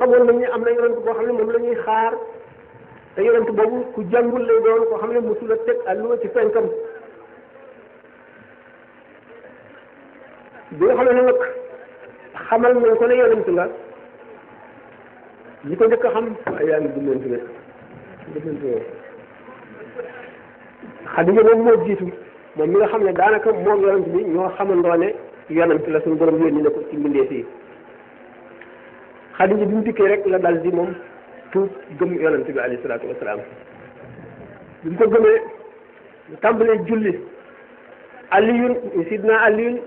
xamoon nañ ne am na yonent boo xam ne moom la ñuy xaar te yonent boobu ku jàngul lay doon koo xam ne mosula teg àlluwa ci fenkam bi nga xam ne xamal nañ ko ne yonent la li ko njëkk a xam waaye yaa ngi dundante ne dundante ne moom moo jiitu moom mi nga xam ne daanaka moom yonent bi ñoo xamandoo ne yonent la suñu borom yónni ne ko ci mbindeef yi xadija bi mu dikkee rek la dal di moom tuub gëm yonent bi alayhi salaatu wasalaam bi mu ko gëmee mu tàmbalee julli aliyun sidna aliyun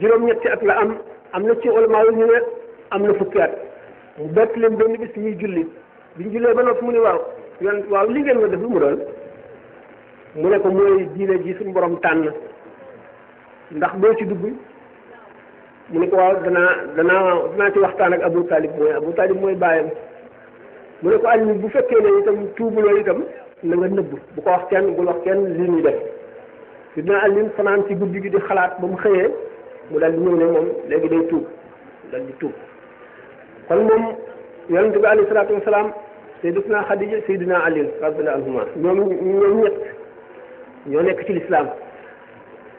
juróom-ñetti at la am am na ci ulama ñu ne am na fukki at mu bett leen benn bis ñuy julli buñ jullee ba noppi mu ne waaw yoon waaw li ngeen ma def lu mu doon mu ne ko mooy diine ji suñu borom tànn ndax boo ci dugg mu ne ko waaw danaa danaa danaa ci waxtaan ak Abu Talib mooy Abu Talib mooy bàyyam mu ne ko àll bu fekkee ne itam tuubuloo itam na nga nëbb bu ko wax kenn bu wax kenn lii ñuy def si dina àllin fanaan ci guddi gi xalaat ba mu xëyee mu dal di ñëw ne moom léegi day tuub dal di tuub kon moom yonente bi alayhi salaatu wasalaam naa Xadija sayyidina Ali radiyallahu anhuma ñoom ñoom ñett ñoo nekk ci lislaam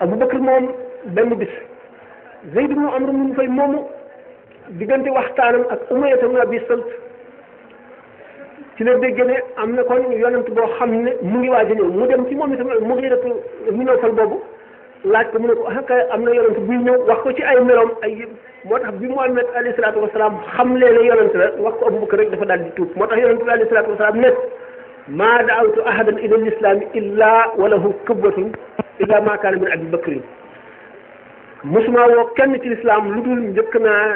Abu Bakr moom benn bis Zayd ibnu Amr ibnu Nufayl moomu diggante waxtaanam ak Umayya ibnu Abi Salt ci la dégg ne am na kon yonent boo xam ne mu ngi waaj a ñëw mu dem ci moom itam mu ngi rëtu mu ñëw fal boobu laaj ko mu ne ko ah kay am na yonent buy ñëw wax ko ci ay meloom ay moo tax bi Muhammad alayhi salaatu wasalaam xam lee ne yonent la wax ko Abu Bakar rek dafa daal di tuub moo tax yonent bi alayhi salaatu wasalaam nekk maa daawtu ahadan ila l islaami illa walahu kubwatun illa ma kaana min abi bakrin mosuma woo kenn ci lislaam lu dul njëkk naa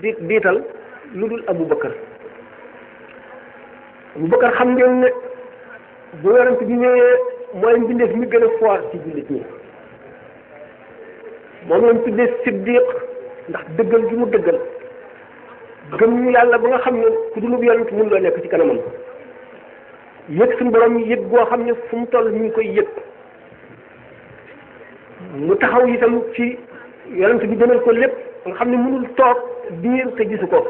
di diital lu dul Abu Bakar Abu Bakar xam ngeen ne bu werante bi ñëwee mooy mbindeef mi gën a foor ci jullit ñi moom lañ siddiq ndax dëggal gi dëggal gëm yàlla ba nga xam ne ku dulub yonent mun loo nekk ci kanamam yëg suñu borom yëg goo xam ne fu mu toll ñu ngi koy yëg mu taxaw yi itam ci yonent bi gënal ko lépp nga xam ne mënul toog diir te gisu ko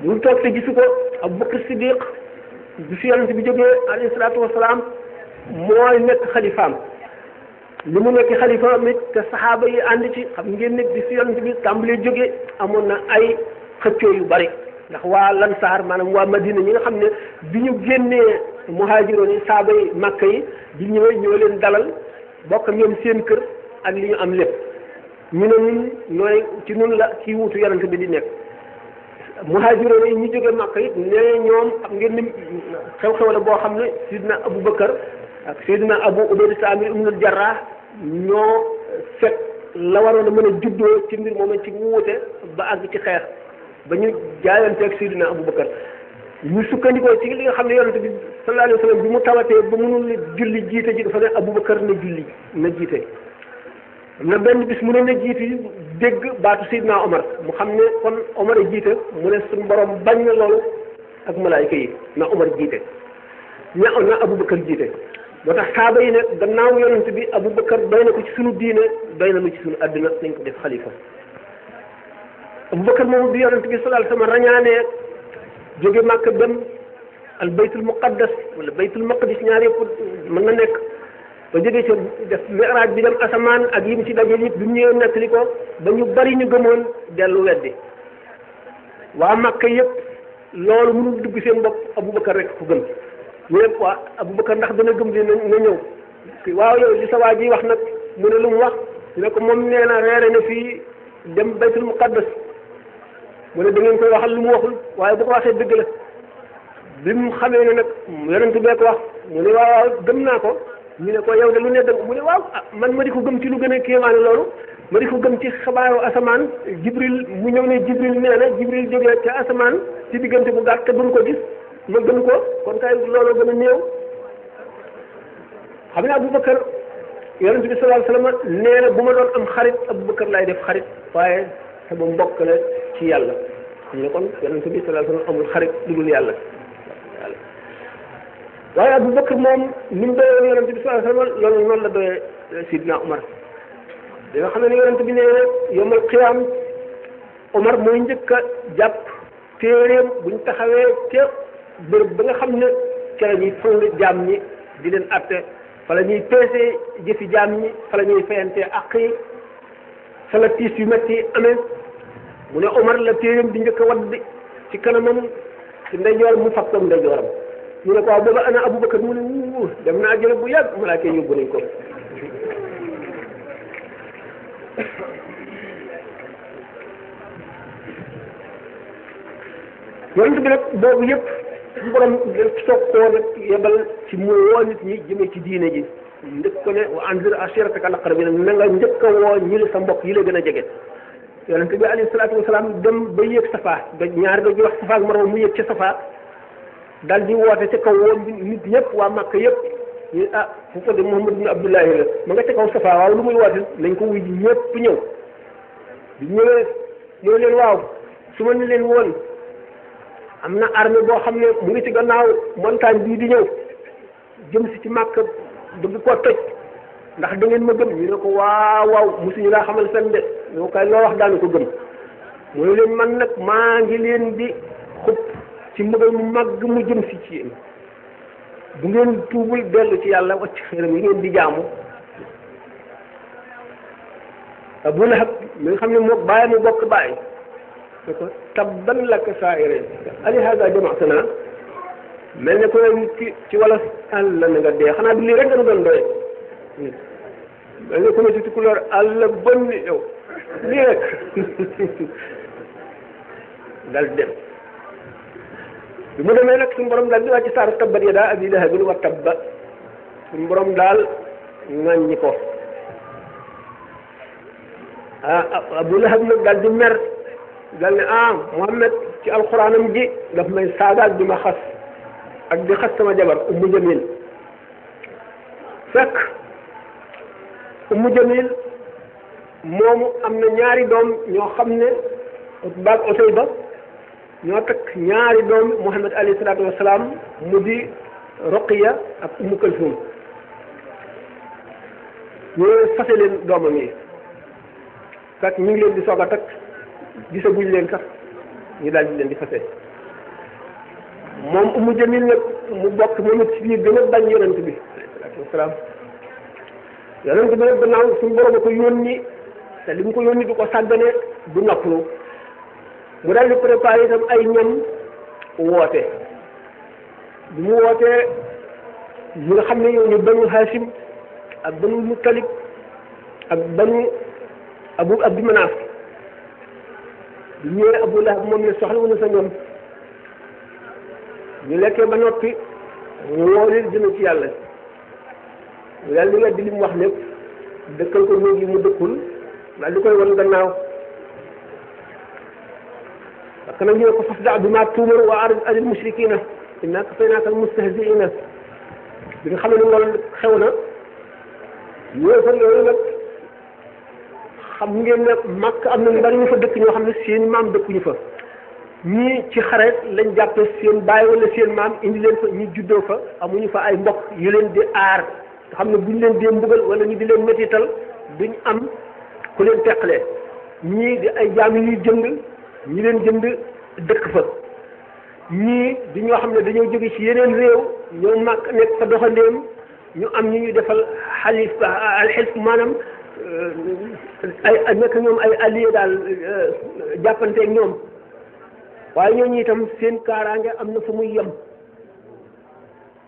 mënul toog te gisu ko Abubakar Siddiq bi fi yonent bi jógee alayhi salaatu wasalaam mooy nekk xalifaam li mu nekk xalifaam it te saxaaba yi ànd ci xam ngeen ne bi fi yonent bi tàmbalee jógee amoon na ay xëccoo yu bari ndax waa lansaar maanaam waa madina ñi nga xam ne bi ñu génnee muhaajiroon yi saaba yi màkka yi bi ñëwee ñoo leen dalal bokk ñoom seen kër ak li ñu am lépp ñu ne ñun nooy ci nun la ci wuutu yonent bi di nekk muhaajiroon yi ñu jógee màkka yi ne ñoom am ngeen xew-xew la boo xam ne sidna abu bakar ak sidna abu ubayda amir ibnul jarrah ñoo fekk la waroon a mën a juddoo ci mbir moom ci wuute ba ak ci xeex ba ñu jaayanteeg Seydina Aboubacar ñu sukkandikoo ci li nga xam ne yonente bi sallallahu bi mu tawatee ba mënul julli jiite ji dafa ne Aboubacar na julli na jiite na benn bis mu ne na dégg baatu Seydina Omar mu xam ne kon Omar jiite mu ne suñu borom bañ na loolu ak malaayika yi na Omar jiite ña na abu Aboubacar jiite moo tax saaba yi ne gannaaw yonente bi abu Aboubacar doy na ko ci sunu diine doy na ko ci sunu àddina nañ ko def xalifa Abubakar moomu bi yonent bi sallallahu alayhi wa sallam rañaanee jóge Màkka dem al baytul muqaddas wala baytul maqdis ñaar yëpp mën na nekk ba jógee def mi'raaj bi dem asamaan ak yim ci daje yëpp bi mu ñëwee ko ba ñu bari ñu gëmoon dellu weddi waa Màkka yëpp lool mënul dugg seen bopp Abubakar rek ku gëm ñëpp waa Abubakar ndax dana gëm li na ñëw waaw li sa waa wax nag mu ne lu mu wax ko moom nee na reere na fii dem baytul muqaddas mu ne da ngeen koy waxal lu mu waxul waaye bu ko waxee dëgg la bi mu xamee ne nag yonent bee ko wax mu ne waaw gëm naa ko ñu ne ko yow de lu ne dëgg mu ne waaw ah, man ma di ko gëm ci lu gën a kéemaane loolu ma di ko gëm ci xabaaru asamaan jibril mu ñëw ne jibril nee na jibril jógee ci asamaan ci diggante bu gàtt te duñ ko gis ma gëm ko kon kay loolu gën a néew xam ne Aboubacar yonent bi sallallahu alayhi wa sallam nee na bu ma doon am xarit Aboubacar laay def xarit waaye te mbokk la ci yàlla xam ne kon yonente bi sallallahu alayhi wasallam amul xarit lu dul yàlla waaye Abu Bakr moom ni mu doyee yonente bi sallallahu alayhi wasallam loolu noonu la doyee Sidna Umar da nga xam ne yonente bi nee na yomal qiyaam Umar mooy njëkk a jàpp téeréem buñ taxawee te bërëb ba nga xam ne ca la ñuy fang jaam ñi di leen atte fa la ñuy peesee jëfi jaam ñi fa ñuy fayantee àq yi fa la tiis yu metti amee mu ne Omar la téeram di njëkk a wadd ci kanamam ci ndeyjooram mu fab ko ndeyjooram ñu ne ko waaw booba mu ne wuu dem naa jële bu yàgg malaaka yi yóbbu nañ ko yonent bi nag boobu yëpp su borom soog koo nag yebal ci mu woo nit ñi ci diine ji njëkk ko ne wa anzir ashirataka al aqrabin na nga njëkk a woo mbokk yi la gën a jege yonente bi alayhi salaatu wasalaam dem ba yéeg safa ba ñaari doj wax safa mu yéeg ca safa dal di woote ca kaw woon nit ñëpp waa Màkka yëpp ñu ah fu fa ma nga ca kaw safa waaw lu muy woote nañ ko wuy ji ñëpp ñëw bi ñëwee ñëw leen waaw su ma ni leen woon am na armée boo xam ne mu ngi ci gannaaw montagne bii di ñëw jëm ci Màkka bëgg koo toj ndax da ngeen ma gëm ñu ne ko waaw waaw musuñu laa xam seen de yow kay loo wax daanu ko gëm mu leen man nag maa ngi leen di xub ci mbugal mu màgg mu jëm si ci yéen bu ngeen tuubul dellu ci yàlla wacc xëram yi ngeen di jaamu Abu Lahab mi nga xam ne moo bàyyi mu bokk bàyyi ne ko tabban laka saairin ali haga jamaatana mel ne ko ci ci wala àll na nga dee xanaa du lii rek nga doon doye mel ne ko ci couleur àll bon ni yow lii dal dem bi mu demee nag suñu borom daal di wàcc saaru tabbat yadaa abii lahabin wa tabba suñu borom daal ŋàññi ko ah abu lahab nag di mer daal ne ah Muhammad ci alxuraanam ji daf may saagaal di ma xas ak di xas sama jabar ummu jamil fekk ummu jamil moomu am na ñaari doom ñoo xam ne Utba ak Utayba ñoo takk ñaari doom Muhammad alayhi salaatu wasalaam mu di Roqiya ak Umu Kalsum ñu fase leen doomam yi kat ñu ngi leen di soog a takk gisaguñ leen sax ñu daal leen di fase moom Umu Jamil nag mu bokk moom it ci gën a bañ yonent bi alayhi salaatu wasalaam yonent bi nag gannaaw suñu borom a ko yónni te li mu ko yónni du ko sàggane bu noppalu mu daal di préparé itam ay ñam woote bi mu wootee ñi nga xam ne ñoo ñu banu Haasim ak banu Muttalib ak banu Abu Abdi Manaaf bi ñëwee Abu Lahab moom ne soxla wu sa ñoom ñu lekkee ba noppi mu woo leen jëm ci yàlla mu daal di weddi li mu wax lépp dëkkal ko néeg mu dëkkul daal di koy wan gannaaw parce que nag ñu ne ko fasda bi ma tuumar wa arid anil mushrikina inna kafaynaaka al mustahziina bi nga xam ne loolu xew na yéefar yooyu nag xam ngeen ne màkk am na ñu ñu fa dëkk ñoo xam ne seen maam dëkkuñu fa ñii ci xare lañ jàppe seen bàyyi wala seen maam indi leen fa ñu juddoo fa amuñu fa ay mbokk yu leen di aar nga xam ne buñ leen dee mbugal wala ñu di leen métital duñ am ku leen teqale ñii di ay jaam yu ñuy jënd ñi leen jënd dëkk fa ñii di ñoo xam ne dañoo jóge ci yeneen réew ñoo màkk nekk fa doxandéem ñu am ñu ñu defal xalif alxilf maanaam euh, nekk ñoom ay allié daal euh, jàppanteeg ñoom waaye ñoo ñu itam seen kaaraange am na fu muy yem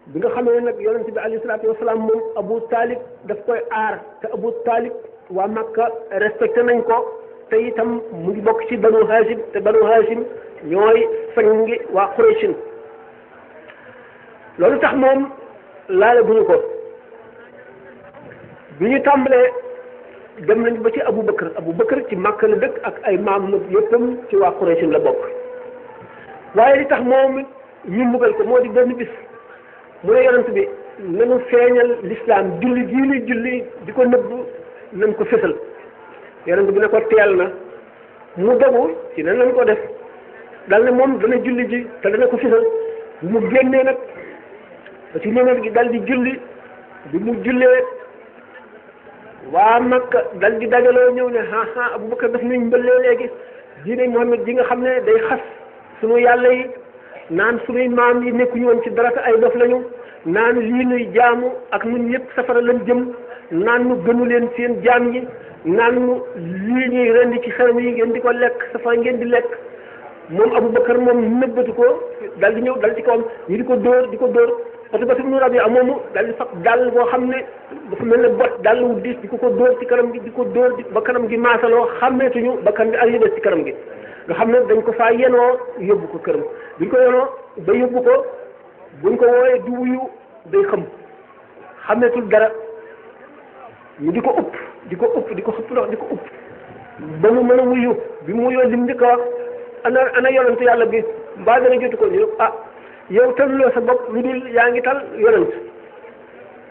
bi nga xamee nag yonente bi alayhi salaatu wasalaam moom Abu Talib daf koy aar te Abu Talib waa Makka respecté nañ ko te itam mu ngi bokk ci banu Hashim te banu Hashim ñooy sangi waa Qurayshin loolu tax moom laale buñu ko bi ñu tàmbalee dem nañ ba ci Abu Bakar Abu Bakar ci Makka la dëkk ak ay maam nag yëppam ci waa Qurayshin la bokk waaye li tax moom ñu mbugal ko moo di benn bis mu ne yonent bi nanu feeñal l'islam julli jii julli di ko nëbb nañ ko fësal ko bi ne ko teel na mu dogu ci nan lañ ko def dal ne moom dana julli ji te dana ko fësal bu mu génnee nag ba ci gi dal di julli mu jullee waa Makka dal di dajaloo ñëw ne ha ha Abubakar daf nuy mbëllee léegi diine nga xam ne day xas sunu yàlla yi naan sunuy maam yi nekkuñu woon ci dara te ay dof lañu naan lii nuy jaamu ak ñun ñëpp safara lañ jëm naan nu gënu leen seen jaan yi naan nu lii ñuy rendi ci xaram yi ngeen di ko lekk safa ngeen di lekk moom Aboubacar moom nëbbatu ko dal di ñëw dal ci kawam di ko dóor di ko dóor parce que suñu rab yi moomu dal di fab xam ne dafa mel wu diis di ko ko ci kanam gi di ko dóor di ba kanam gi maasaloo xàmmeetuñu ba kanam ak yëbës ci kanam gi nga xam ne dañ ko faa yenoo yóbbu ko këram buñ ko yenoo ba yóbbu ko buñ ko wooyee du wuyu day xam xàmmeetul dara ni di ko upp di ko upp di ko xëpp ndox di ko upp ba mu mën a wuyu bi mu wuyoo lim njëkk a wax ana ana yonent yàlla bi mbaa dana jotu ko ñu ah yow taluloo sa bopp lu dul yaa ngi tal yonent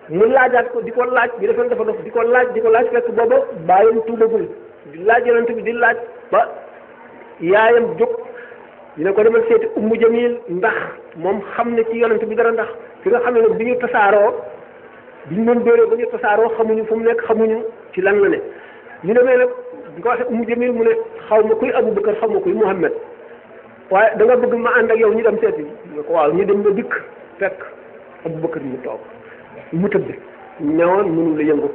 mu laajaat ko di ko laaj bi defoon dafa dof di ko laaj di ko laaj fekk booba bàyyam tuubagul di laaj yonent bi di laaj ba yaayam jóg ñu ne ko demal seeti ummu jamil ndax moom xam ne ci yonent bi dara ndax fi nga xam ne nag bi ñu tasaaroo biñ leen dóoree ba ñu tasaaroo xamuñu fu mu nekk xamuñu ci lan la ne ñu demee nag ñu ko waxee umu jamil mu ne xaw ma kuy Abubakar xaw ma kuy Muhammad waaye da nga bëgg ma ànd ak yow ñu dem seeti ñu ko waaw ñu dem ba dikk fekk Abubakar mu toog mu bi ñawoon mënul la yëngu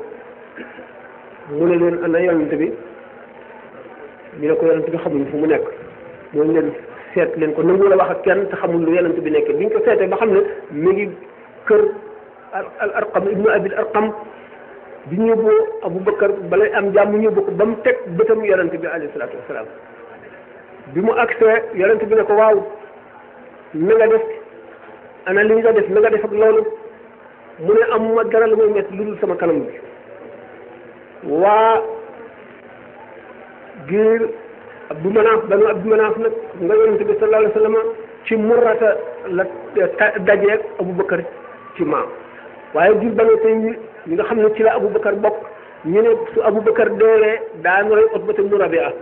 mu ne leen ana yonent bi ñu ne ko yonent bi xamuñu fu mu nekk mooñu leen seet leen ko nangu la wax ak kenn te xamul lu yonent bi nekkee nekk biñ ko seetee ba xam ne mu ngi kër al arqam ibnu abil arqam bi ñëboo aboubacar balay am jàmm ñëbbu ko ba mu teg bëtam yonent bi alayhi salaatu wasalaam bi mu agsee yonent bi ne ko waaw mi nga def ana li nga def mi nga loolu mu ne am ma dara lu may metti lu dul sama kanam bi waa giir abdu manaaf banu abdu manaaf nag nga yonent bi sallallahu alayhi wa sallam ci murrata la eh, dajeeg ci maam waaye jur ba tey ñi nga xam ne ci la Aboubacar bokk ñu ne su Aboubacar deewee daan rey Utbata ibnu Rabi'a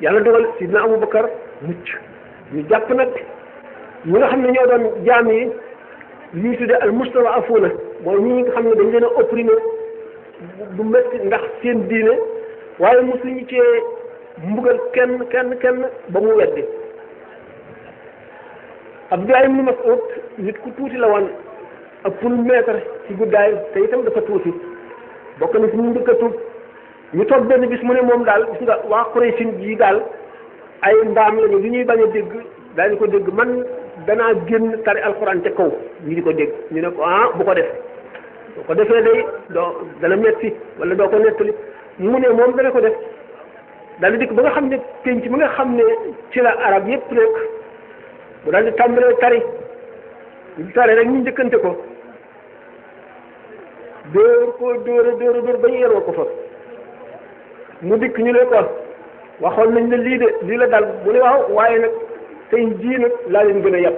yàlla dogal sidna Aboubacar mucc ñu jàpp nag ñi nga xam ne ñoo doon jaam yi li ñu tuddee al mustad'afuna mooy ñi nga xam ne dañ leen a opprimé du ndax seen diine waaye mosuñu cee mbugal kenn kenn kenn ba mu weddi Abdullah ibnu Mas'ud nit ku tuuti la woon ëppul mètre ci guddaay te itam dafa tuuti bokk na si ñu njëkk a ñu toog benn bis mu ne moom daal gis nga waa Quraysh yi daal ay mbaam lañu li ñuy bañ a dégg daañu ko dégg man danaa génn tari alxuraan ca kaw ñu di ko dégg ñu ne ko ah bu ko def boo ko defee day doo dana metti wala doo ko nettali mu ne moom dana ko def daal di ba nga xam ne penc ba nga xam ne ci la arab yépp nekk mu daal di tàmbalee tari ñu tari rek ñu njëkkante ko dóor koo dóor a ba ñu yeloo ko mu dikk ñu ne ko waxoon nañ ne lii de lii la dal bu waaye na tey jii nag laa leen gën a yàpp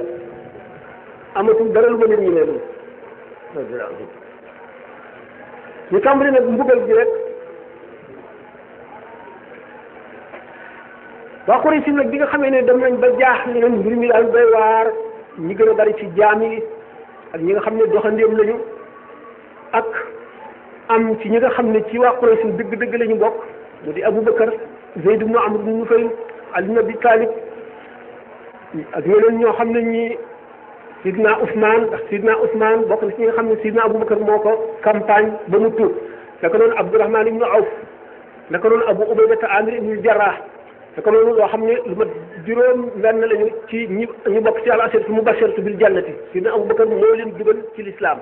amatul dara lu ma leen ñu ne lu nag mbugal gi rek waa Quraysh nag bi nga xamee ne dem nañ ba jaax nañ mbir mi daal waar ñi gën a bari ci jaam yi ak ñi nga xam ne doxandéem lañu ak am ci ñi nga xam ne ci waa Quraysh dëgg-dëgg la ñu bokk mu di Abu Bakar Zayd ibn Amr ibn Nufayl Ali ibn Abi Talib ak ñeneen ñoo xam ne ñi Sidna Ousmane ndax Sidna Ousmane bokk na ci ñi nga xam ne Sidna Abu Bakar moo ko campagne ba mu tuub naka noonu Abdurahman ibnu Awf naka noonu Abu Ubaydata Amir ibnu Jarrah naka noonu loo xam ne lu mat juróom benn lañu ci ñi ñu bokk ci al-ashara al-mubashara bil jannati Sidna Abu Bakar moo leen dugal ci lislaam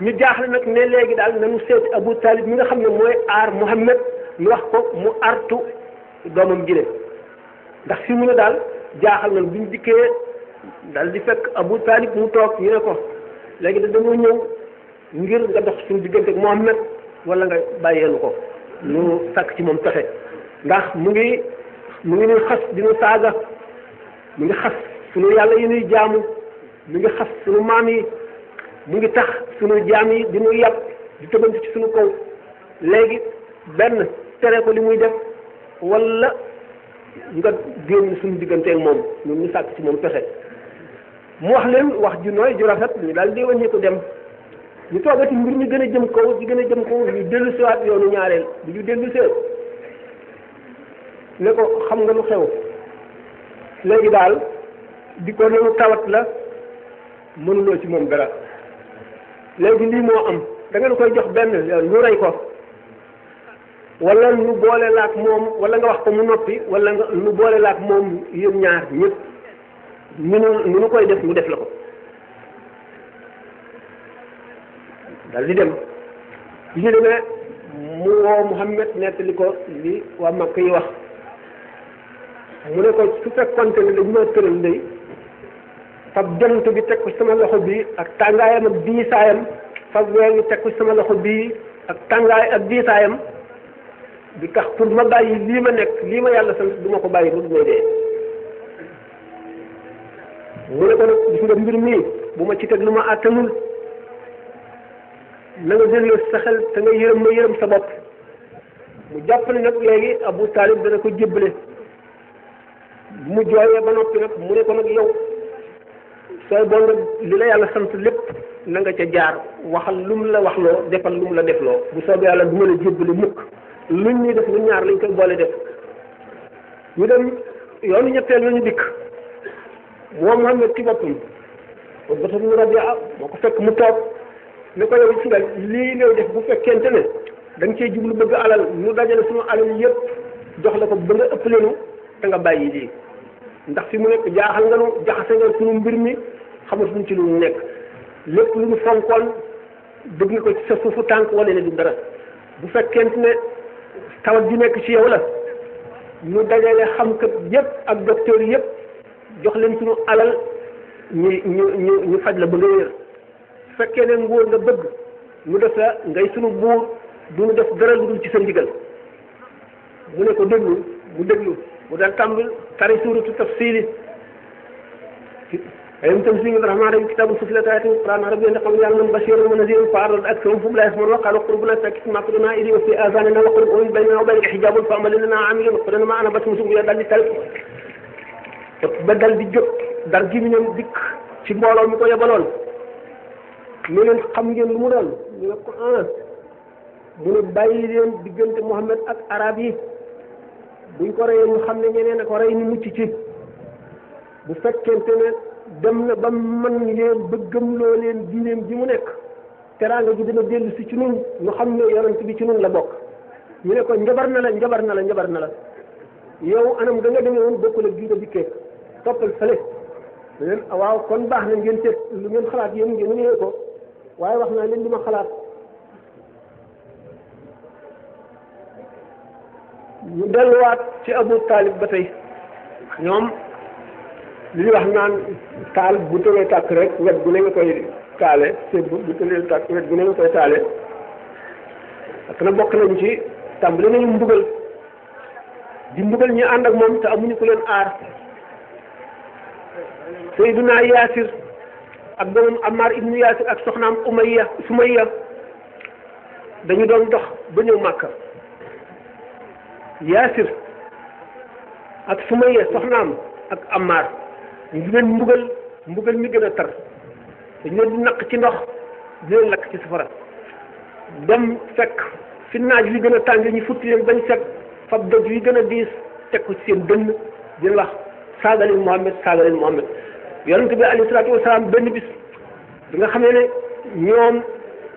ñu jaaxle nag ne léegi daal nanu seet Abu Talib mi nga xam ne mooy aar Muhammad ñu wax ko mu artu doomam jile ndax fi mu ne daal jaaxal na buñ dikkee daal di fekk Abu Talib mu toog ñu ne ko léegi da dañoo ñëw ngir nga dox suñu diggante ak Muhammad wala nga bàyyeelu ko ñu sàkk ci moom pexe ndax mu ngi mu ngi ñuy xas di saaga mu ngi xas suñu yàlla yi ñuy jaamu mu ngi xas suñu maam yi mu ngi tax sunu jaam yi di ñu yàpp di tëbant ci suñu kaw léegi benn tere ko li muy def wala nga génn suñu digganteeg moom ñun ñu sàkk ci moom pexe mu wax leen wax ju nooy ju rafet ñu daal di wàññi ko dem ñu toogati mbir ñu gën a jëm kaw di gën a jëm kaw ñu dellu siwaat yoonu ñaareel bu ñu dellu ne ko xam nga lu xew léegi daal di ko nanu tawat la mënuloo ci moom dara léegi lii moo am da ngeen koy jox benn ñu rey ko wala ñu boole laak moom wala nga wax ko mu noppi wala nga ñu boole laak moom yéen ñaar ñëpp ñu nu nu koy def mu def la ko daldi di dem li ñu demee mu woo Muhammad nettali ko li waa Makka yi wax mu ne ko su fekkonte ne dañu ma tëral day fab jant bi teg ko sama loxo bii ak tàngaayam ak diisaayam fab weer wi teg ko sama loxo bii ak tàngaay ak diisaayam du tax pour ma bàyyi lii ma nekk lii ma yàlla sant du ko bàyyi ba du may dee mu ne nag ci teg lu ma àttanul na nga delloo jàpp ne nag léegi Abu Taalib dana ko jébbale mu jooyee ba noppi nag mu ne nag yow sooy boo nga li la yàlla sant lépp na nga ca jaar waxal lu mu la wax loo defal lu la def bu soobee yàlla du ma la jébbali mukk luñ ñuy def lu ñaar lañ koy boole def ñu dem yoonu ñetteel lañu dikk moom Muhammad ci boppam Utbata bnu Rabia moo ko fekk mu toog ni ko yow si nga lii ngay def bu fekkente ne da nga cee jublu bëgg alal ñu dajale suñu alal yépp jox la ko ba nga ëpp leenu danga bàyyi lii ndax fi mu nekk jaaxal nga nu jaxase nga suñu mbir mi xamatuñ ci lu mu nekk lépp lu mu fonkoon dëgg ko ci sa suufu tànk wane ne du dara bu fekkente ne tawat ji nekk ci yow la ñu dajale xamkat yépp ak docteur yépp jox leen suñu alal ñu ñu ñu ñu faj la ba nga wér fekkee nguur nga bëgg mu def la ngay sunu buur du ñu def dara lu dul ci sa ndigal mu ne ko déglu mu déglu mu daal tàmbali tari suuratu tafsiili alam tanzilu rahmaan rahim kitaabu sufila taatin quran arabiyyan te xam ne yàlla na basiiran wa naziiran fa arad aksaruhum la idi wa fi azanina wa qurub umi baynana wa baynaka xijaabun fa amal lana ma ana basum sum ya dal di tal ba dal ci mbooloo mi ko mu leen xam ngeen lu mu doon ñu ne ko ah mu ne mu leen diggante ak arab yi buñ ko reyee ñu xam ne ñeneen a ko ci bu fekkente ne dem na ba man leen bëggam loo leen diineem ji mu nekk teraanga ji dina dellu si ci nun ñu xam ne yonent bi ci nun la bokk ñu ne ko njabar na la njabar na la njabar na la yow anam ga nga demee woon bokkul ak gii nga dikkee toppal fële leen waaw kon baax na ngeen seet lu ngeen xalaat yéen ngeen ñëwee ko waaye wax naa leen li ma xalaat ñu ci Abu Talib ba tey ñoom li ñu wax bu tëlee tàkk rek wet gu ne nga koy taale bu bu tëlee tàkk wet gu ne koy taale parce que bokk nañ ci tàmbali nañu mbugal di mbugal ñu ànd ak moom te amuñu ku leen aar Seydina Yaasir ak doomam Ammar ibnu Yaasir ak soxnaam Umayya Sumayya dañu doon dox ba ñëw Màkka Yaasir ak Sumayya soxnaam ak Ammar di leen mbugal mbugal mi gën a tar dañ leen naq ci ndox di leen lakk ci safara dem fekk fi naaj wi gën a tàng ñu futti leen bañ set fab doj wi gën a diis teg ci seen dënn di wax saagaleen Muhammad saagaleen Muhammad yonent bi alayhi salaatu wasalaam benn bis bi nga xam ne ñoom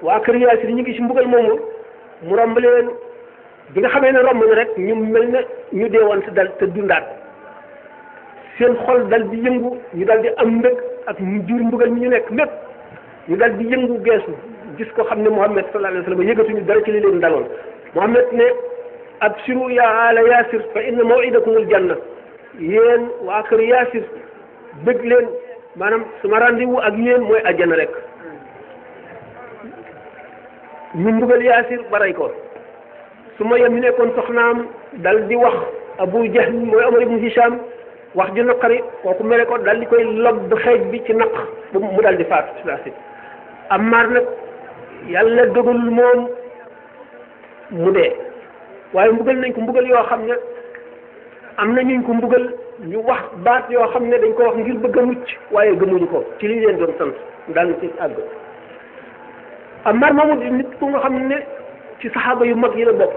waa kër Yaasir ñu ngi ci mbugal moomu mu romb leen bi nga xamee ne romb na rek ñu mel ne ñu dee te dundaat seen xol dal di yëngu ñu dal di am mbëg ak mu jur mbugal mi ñu nekk lépp ñu dal di yëngu geesu gis ko xam ne Muhammad sallallahu alayhi wa sallam yëgatuñu dara ci li leen daloon Muhammad ne absiru ya ala yaasir fa inna mawidakumul janna yéen waa kër yaasir bëgg leen maanaam sama rendez-vous ak yéen mooy àjjana rek ñu mbugal yaasir baray ko su ma yem ñu nekkoon soxnaam dal di wax Abu Jahl mooy Omar ibn Hisham wax ju naqari kooku mere ko dal di koy lobb xeej bi ci naq mu dal di faat ci saasi Ammaar nag yàlla dogalul moom mu dee waaye mbugal nañ ko mbugal yoo xam ne am na ñuñ ko mbugal ñu wax baat yoo xam ne dañ ko wax ngir bëgg a mucc waaye gëmuñu ko ci li leen doon sant daal ci àgg Ammaar moomu di nit ku nga xam ne ci saxaaba yu mag yi la bokk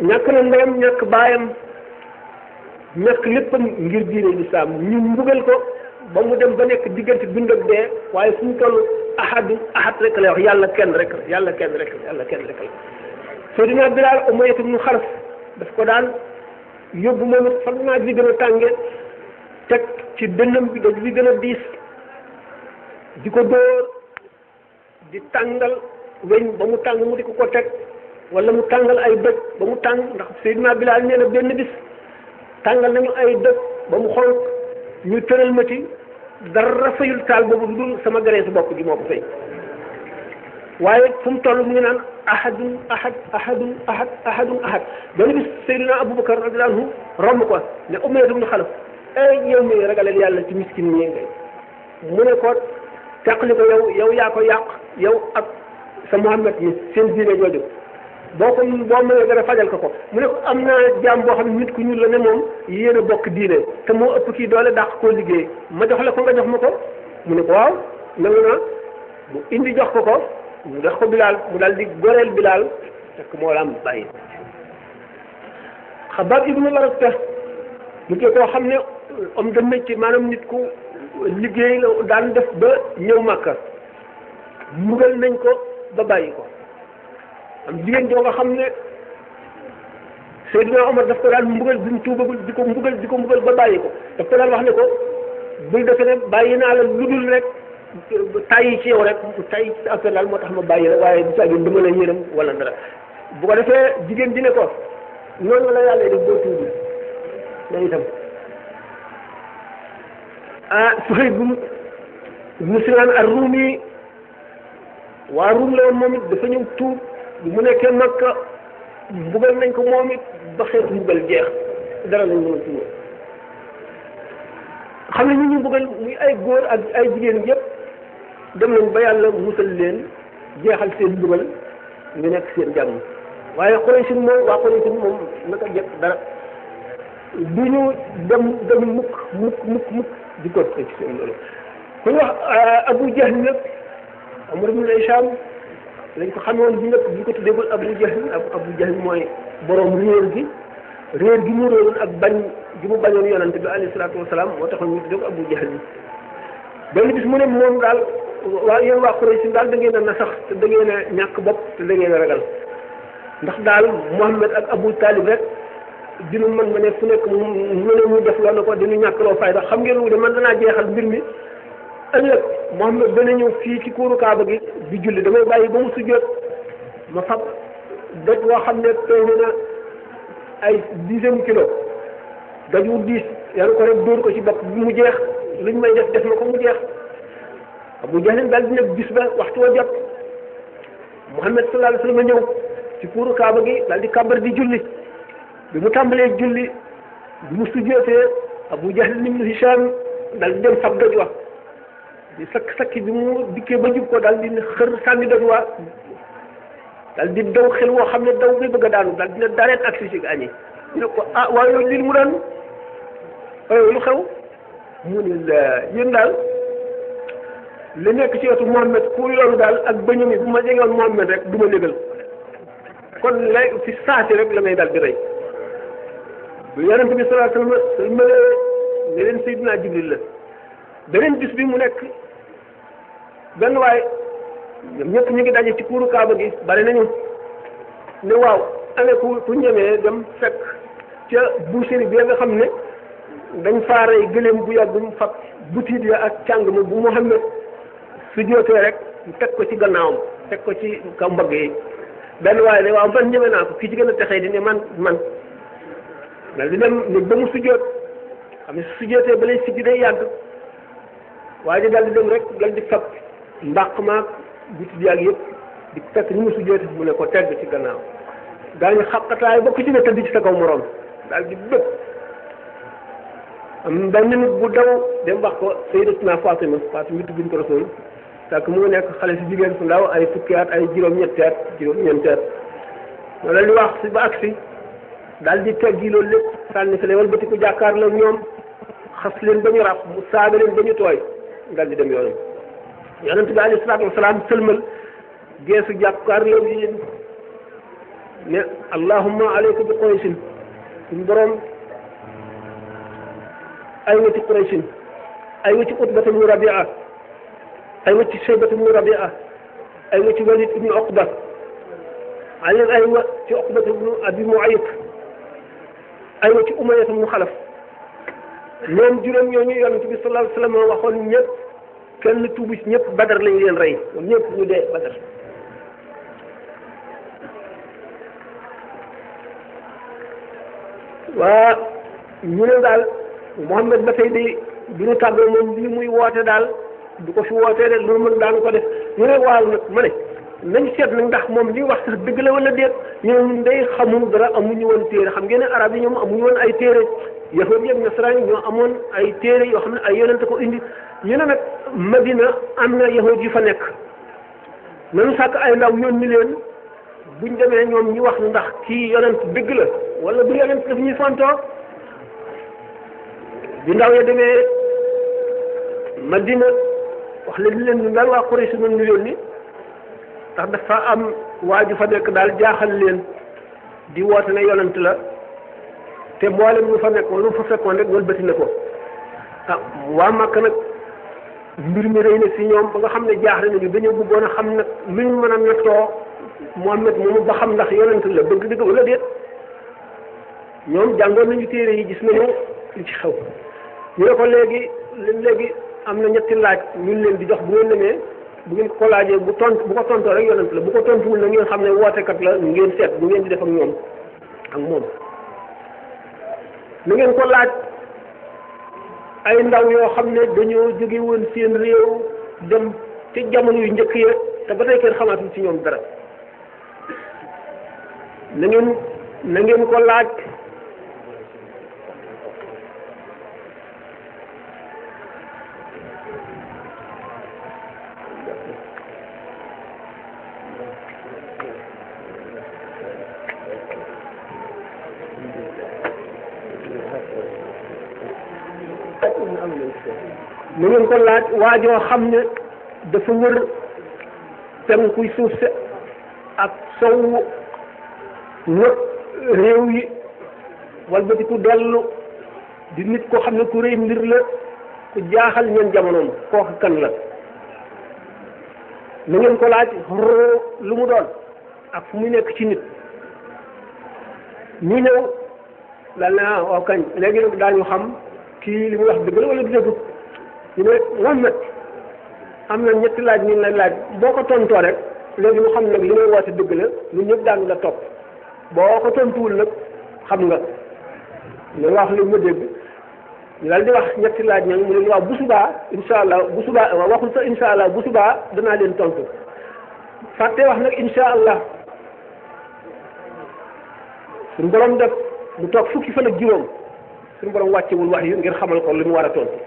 ñàkk na ndeyam ñàkk baayam nekk léppam ngir diine lislaam ñu mbugal ko ba mu dem ba nekk diggante dund dee waaye fu mu toll ahadu ahad rek lay yàlla kenn rek la yàlla kenn rek la yàlla kenn rek la Seydina Bilaal Umayya ibnu daf ko daan yóbbu moom it fan naa di gën a tànge teg ci dënnam bi daj li gën a diis di ko dóor di tàngal weñ ba mu tàng mu di ko ko teg wala mu tàngal ay bëj ba mu tàng ndax Seydina Bilaal nee na benn bis tàngal nañu ay dëkk ba mu xool ñu tëral ma ci dara fayul taal boobu dul sama graisse bopp gi moo ko fay waaye fu mu toll mu ngi naan ahadun ahad ahadun ahad ahadun ahad benn bis Seydina Aboubacar radiyallahu anhu romb ko ne Umayya ibn Xalaf ay yow mi ragaleel yàlla ci miskin ñi mu ne ko teqli ko yow yow yaa ko yàq yow ak sa Muhammad mi seen diine jooju boo koy boo mënee dara fajal ko ko mu ne ko am na jaam boo xam ne nit ku ñuul la ne moom yéen a bokk diine te moo ëpp kii doole dàq koo liggéey ma jox la ko nga jox ma ko mu ne ko waaw nangu na mu indi jox ko ko mu jox ko bilaal mu daal di goreel bilaal fekk moo la am bàyyi xabaar ibnu larabta nit la koo xam ne homme de métier maanaam nit ku liggéey la daan def ba ñëw màkka mugal nañ ko ba bàyyi ko am jigéen joo nga xam ne Seydina Omar daf ko daan mbugal bi mu tuubagul di ko mbugal di ko mbugal ba bàyyi ko daf ko daan wax ne ko bul defe ne bàyyi naa la lu dul rek tàyyi ci yow rek tàyyi ci sa daal moo tax ma bàyyi la waaye bu saa gën dama la yërëm walla dara bu ko defee jigéen ji ne ko noonu la yàlla def boo tuubi na itam ah Suhayb bu Sinan ar-Rumi waa Rum la woon moom it dafa ñëw tuub mu nekkee Makka mbugal nañ ko moom it ba xeetu mbugal jeex dara lañ mën a tuur xam ne ñu ñu mbugal ni ay góor ak ay jigéen yëpp dem nañ ba yàlla musal leen jeexal seen mbugal ñu nekk seen jàmm waaye Quraysh moom waa Quraysh moom naka jëkk dara du ñu dem mukk mukk mukk mukk di ko seen loolu ku ñu wax euh, Abu Jahl nag Amr ibn lañ ko xamee woon bu njëkk bu ko tuddeegul Abu Jahl Abu Jahl mooy borom réer gi réer gi mu réeroon ak bañ gi mu bañoon yonante bi alayhi salaatu wasalaam moo taxoon ñu tuddee ko Abu Jahl benn bis mu ne moom daal waa yéen waa Quraysh daal da ngeen a nasax te da ngeen ñàkk bopp te da ngeen a ragal ndax daal Muhammad ak Abu Talib rek dinu mën ma ne fu nekk mu ne ñu def loolu ko dinu ñàkk loo fayda xam ngeen wu de man danaa jeexal mbir mi ëllëg moom dana ñëw fii ci kuuru kaaba gi di julli damay bàyyi ba mu sujjóot ma fab doj xam ne peese na ay dixième kilo doj wu diis yaru ko rek dóor ko ci bopp mu jeex luñ may def def na ko mu jeex bu jeex daal di nekk bis ba waxtu wa jot Muhammad sallallahu alayhi gi daal di kàbbar di julli bi mu tàmbalee julli bi mu sujjóotee Abu Jahl ibn Hisham daal di dem fab doj di sakk sakki bi mu dikkee ba jub ko daal di ne xër sànni doon waa daal di daw xel woo xam ne daw bi bëgg a daanu daal dina dareet ak si si añi ñu ne ko ah waaye yow lii mu daan lu xew mu ne la yéen daal li nekk ci wetu Mohamed ku yoonu daal ak bëñam yi bu ma jegewoon Mohamed rek du ma négal kon lay fi saasi rek la may daal di rey bu yonent bi sallallahu alayhi wa sallam ne leen Seydina Jibril la beneen bis bi mu nekk benn waaye ñoom ñëpp ñu ngi daje ci kuuru kaaba gi bari nañu ne waaw ane ku ku ñemee dem fekk ca boucherie bi nga xam ne dañ faaree gëléem bu yàggum fab butit ya ak càng ma bu Muhammad su jootee rek teg ko ci gannaawam teg ko ci kaw mbagg yi benn waaye ne waaw man ñeme naa ko ki ci gën a texee di ne man man dal di dem ne ba mu sujjoot xam ne su ba lay sijji day yàgg waaye di dal di dem rek dal fab mbàq maag butit yaag yëpp di fekk ñu mu sujjooti mu ne ko teg ci gannaaw daañu xaqataay ba ku ci ne tëdd ci sa kaw moroom daal di bëgg am benn nit bu daw dem wax ko Sayyidatuna Fatima Fatima bintu Rasul sàkk mu nekk xale si jigéen su ndaw ay fukki ay juróom-ñetti at juróom-ñeenti at moo leen di wax si ba agsi daal di teggi loolu lépp sànni fële wala bëti ku jàkkaar la ñoom xas leen ba ñu ràpp mu saaga leen ba ñu tooy daal di dem yoonam yonent bi alayhi salaatu wasalaam sëlmal geesu jàkkaarloo yi ne allahumma aleyka bi quraysin suñu borom ay wa ci quraysin ay wa ci utbata mu rabia ay wa ci shaybata mu rabia ay wa ci walid ibnu oqba aleen ay wa ci oqbata ibnu abi muayit ay wa ci umayata mu xalaf ñoom juróom ñooñu yonent bi sallallahu alayhi wa sallam waxoon ñëpp kenn tuubus ñëpp badar lañu leen rey ñëpp ñu dee badar waa ñu ne daal Muhammad ba tey de bi ñu tàggoo moom li muy woote daal du ko fi wootee de lu mën daanu ko def ñu ne waaw nag ma ne nañ seet nag ndax moom li wax sax dëgg la wala déet ñun day xamul dara amuñu woon téere xam ngeen ne arab yi ñoom amuñu woon ay téere yahuud yi ak nasaraan yi ñoo amoon ay téere yoo xam ne ay yonent ko indi ñu ne nag Madina am na yahuud yu fa nekk nanu sàkk ay ndaw yónni leen buñ demee ñoom ñu wax ndax kii yonent dëgg la wala bu yonent daf ñuy fontoo bi ndaw ya demee Madina wax leen leen ñu daal waa Quraysh noonu ñu yónni ndax dafa am waaju fa nekk daal jaaxal leen di woote ne yonent la te mboolem bu fa nekkoon lu fa fekkoon rek wëlbati na ko waa Màkka nag mbir mi rëy na si ñoom ba nga xam ne jaaxle nañu dañoo bëggoon a xam nag lu ñu mën a nettoo Muhammad moomu ba xam ndax yonent la bëgg dëgg wala déet ñoom jàngoon nañu téere yi gis nañu li ci xew ñu ne ko léegi léegi am na ñetti laaj ñu leen di dox bu ngeen demee bu ngeen ko laajee bu tont bu ko tontoo rek yonent la bu ko tontuwul na ngeen xam ne wootekat la ngeen seet bu ngeen di def ak ñoom ak moom. nu ngeen ko laaj ay ndaw yoo xam ne dañoo jóge woon seen réew dem ci jamono yu njëkk yi te ba tey kenn xamaatul ci ñoom dara na ngeen na ngeen ko laaj mu ngeen ko laaj waajoo xam ne dafa wër penkuy suuf si ak sowu nëpp réew yi walbatiku dellu di nit ko xam ne ku rëy mbir la ku jaaxal ñeen jamonoom kooku kan la mu ngeen ko laaj roo lu mu doon ak fu mu nekk ci nit ñu ñëw daal ne ah waaw kañ léegi nag daañu xam kii li mu wax dëgg la wala du dëgg ñu ne Muhammad am na ñetti laaj ñu la laaj boo ko tontoo rek léegi mu xam nag li ngay woote dëgg la lu ñëpp daan la topp boo ko tontuwul nag xam nga ñu wax li ma dégg ñu daal di wax ñetti laaj ñoom mu ne waaw bu subaa incha allah bu subaa waxul sax incha allah bu subaa danaa leen tontu fàtte wax nag incha allah suñu borom def mu toog fukki fan ak juróom suñu borom wàccewul wax yi ngir xamal ko lu mu war a tontu.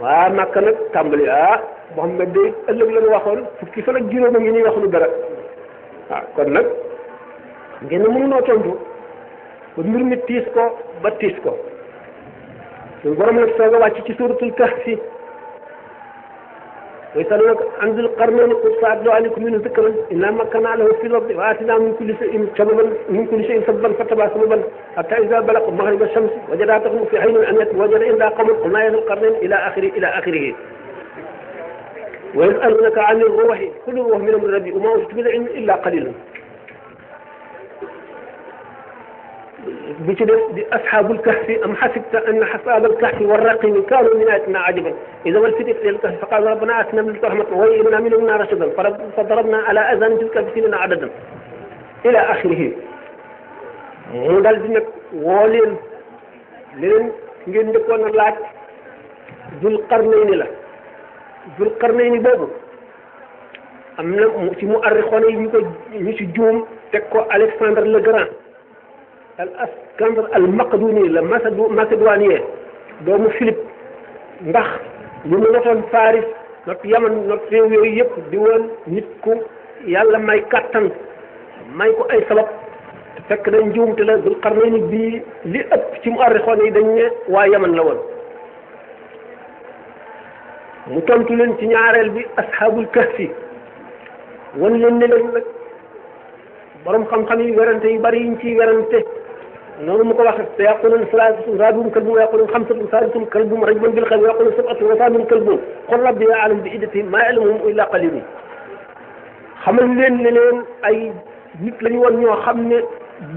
waa Makka nag tàmbali ah Muhammad day ëllëg la ñu waxoon fukki fan ak juróom a ngi ñuy wax lu dara waaw kon nag ngeen ne mënunoo tontu ba mbir mi tiis ko ba tiis ko suñu borom nag soog a wàcc ci suuratul Kahfi ويسألونك عن ذي القرنين قل فأدلوا عليكم منه ذكرا إنا مكنا له في الأرض وآتنا من كل شيء سببا من كل شيء سببا فتبع سببا حتى إذا بلغ مغرب الشمس وجدها تغرب في عين أنية وجد عندها قوم قلنا يا ذي القرنين إلى آخره إلى آخره ويسألونك عن الروح كل روح من أمر ربي وما أوتيت من العلم إلا قليلا bi ci def di asxaabul kahfi am xasibta an asxaabal kahfi war raqimi kaanu min ayatina ajaban ida wal fitit ilal kahfi fa qaala rabbana atina min ladunka rahmatan wa inna min amrina rashadan fa darabna ala azanihim fil kahfi sinina adadan ila axirihi mu dal di nag woo leen leneen ngeen njëkkoon a laaj dul qarnayni la dul qarnayni boobu am na ci mu arrixoon yi ñu ko ñu ci juum teg ko Alexandre le Grand al askandar al maqduni la macédoinien doomu Philippe ndax ñu mu notoon Faris not Yaman not réew yooyu yëpp di woon nit ku yàlla may kàttan may ko ay sabab te fekk dañ njuumte la dul qarnayni bii li ëpp ci mu arrixoon yi dañ ne waa Yaman la woon mu tontu leen ci ñaareel bi asxaabul kahfi wan leen ne leen nag borom xam-xam yi werante yu bari yiñ ciy werante noonu mu ko wax te yaqulun salaasatun rabi'uhum kalbuhum wa yaqulun xamsatun sa kalbuhum rajmun bil ghaib wa yaqulun sab'atun wa thaaminihum kalbuhum qul rabbi a'lamu bi iddatihim ma ya'lamuhum illa qalilun xamal leen ne leen ay nit lañu woon ñoo xam ne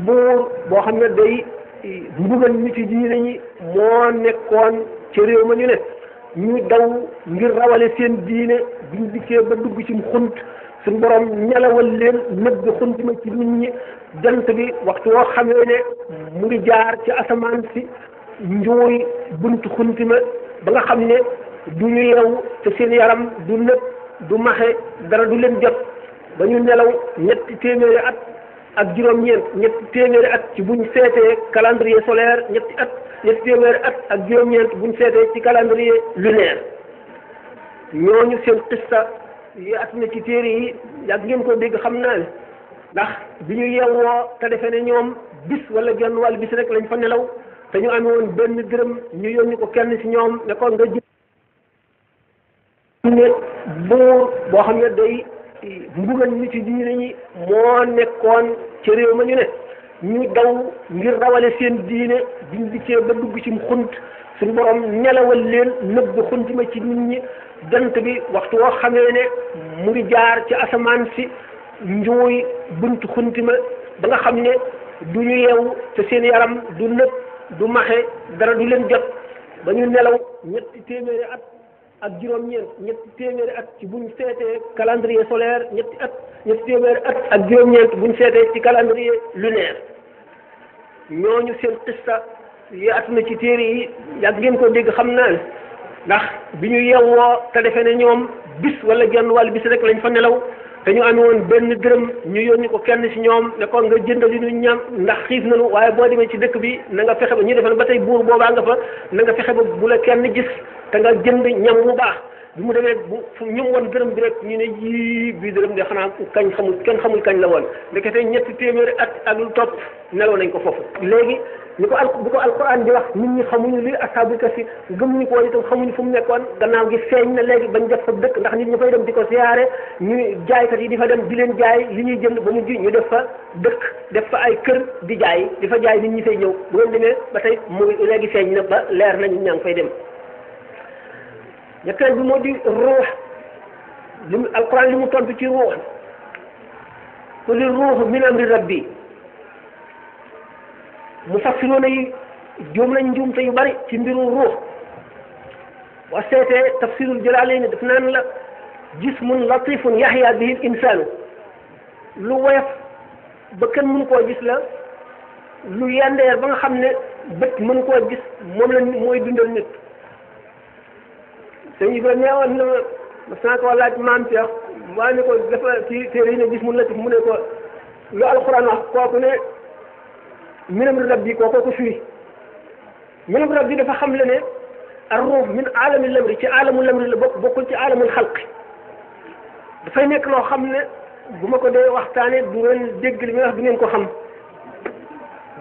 buur boo xam ne day eh, mbugal nit yi diine ñi moo nekkoon ci réew ma ñu ne ñu daw ngir rawale seen diine buñ dikkee ba dugg ci xunt suñ borom ñelawal leen nëbb xuntima ci nit ñi jant bi waxtu woo xamee ne mu ngi jaar ci asamaan si njuuy bunt xuntima ba nga xam ne du ñu yeewu te seen yaram du nëb du maxe dara du leen jot dañu ñu nelaw ñetti téeméeri at ak juróom-ñeent ñetti téeméeri at ci buñ seetee calendrier solaire ñetti at ñetti téeméeri at ak juróom-ñeent buñ seetee ci calendrier lunaire ñooñu seen xista yaatu na ci téere yi yàgg ngeen ko dégg xam naa ne ndax bi ñu yeewoo te defee ne ñoom bis wala genn wàll bis rek lañ fa nelaw te ñu amee benn gërëm ñu yónni ko kenn ci ñoom nekkoon nga ji ne buur boo xam ne day mbugal nit yi diine ñi moo nekkoon ci réew ma ñu ne ñu daw ngir rawale seen diine biñ dikkee ba dugg ci xunt suñu borom nelawal leen nëbb xunt ma ci nit ñi jant bi waxtu woo xamee ne mu ngi jaar ci asamaan si njuuy bunt xuntima ba nga xam ne du ñu yeewu te seen yaram du nëb du maxe dara du leen jot ba ñu nelaw ñetti téeméeri at ak juróom-ñeent ñetti téeméeri at ci buñ seetee calendrier solaire ñetti at ñetti téeméeri at ak juróom-ñeent buñ seetee ci calendrier lunaire ñooñu seen xista yaatu na ci téere yi yàgg ngeen ko dégg xam naa ndax bi ñu yewwoo te defe ne ñoom bis wala genn wàll bis rek lañ fa nelaw te ñu amee woon benn dërëm ñu yónni ko kenn ci ñoom ne ko nga jëndal ñu ñam ndax xiif nañu waaye boo demee ci dëkk bi nanga nga fexe ba ñu defe ne ba tey buur boobaa nga fa nanga nga fexe ba bu la kenn gis te nga jënd ñam bu baax bi mu demee bu fu ñu woon dërëm bi rek ñu ne yii bii dërëm de xanaa kañ xamul kenn xamul kañ la woon ndekete ñetti téeméeri at ak lu topp nelaw nañ ko foofu ni ko al bu ko alquran di wax nit ñi xamuñu li asaabu kasi gëm ñu ko woon itam xamuñu fu mu nekkoon gannaaw gi feeñ na léegi bañ def dëkk ndax nit ñi fay dem di ko siyaare ñu jaaykat yi di fa dem di leen jaay li ñuy jënd ba mujj ñu def fa dëkk def fa ay kër di jaay di fa jaay nit ñi fay ñëw ba tey mu léegi feeñ na ba leer nañu ñaa ngi fay dem ñetteel bi moo di ruux li mu alquran li mu tontu ci ruux quli ruuhu min amri rabbi mufassiroona yi juum nañ njuumte yu bari ci mbiru ruux boo seetee tafsirul jalaalayni daf naan la jismun latifun yaxya bihi l insaanu lu woyof ba kenn mënu koo gis la lu yandeer ba nga xam ne bët mënu koo gis moom la mooy dundal nit sëñ Ibra neewoon na mas naa ko laaj maam Cheikh waa ne ko dafa ci latif mu ne ko lu alxuraan wax kooku ne minam rabbi kookoo ko firi minam rabbi dafa xam le ne ar ruux min aalami lamri ci aalamu lamri la bokk bokkul ci aalamul xalq dafay nekk loo xam ne bu ma ko dee waxtaanee du ngeen dégg li nga wax du ngeen ko xam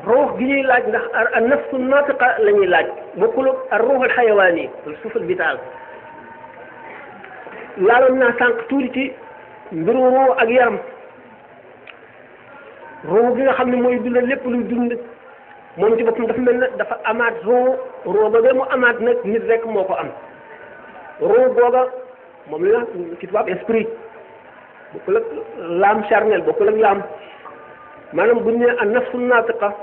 ruux gi ñuy laaj ndax ar nafsu naatiqa la laaj bokkul ar ruux al xayawaani wala suuf al vital laaloon sànq tuuti ci mbiru ruux ak yaram. roo gi nga xam ne mooy dundal lépp luy dund moom ci boppam dafa mel ne dafa amaat roo roo ba mu amaat nag nit rek moo ko am roo googa moom la ci tubaab esprit bokkul ak laam charnel bokkul ak maanaam bu ñu nee an nafsu naatiqa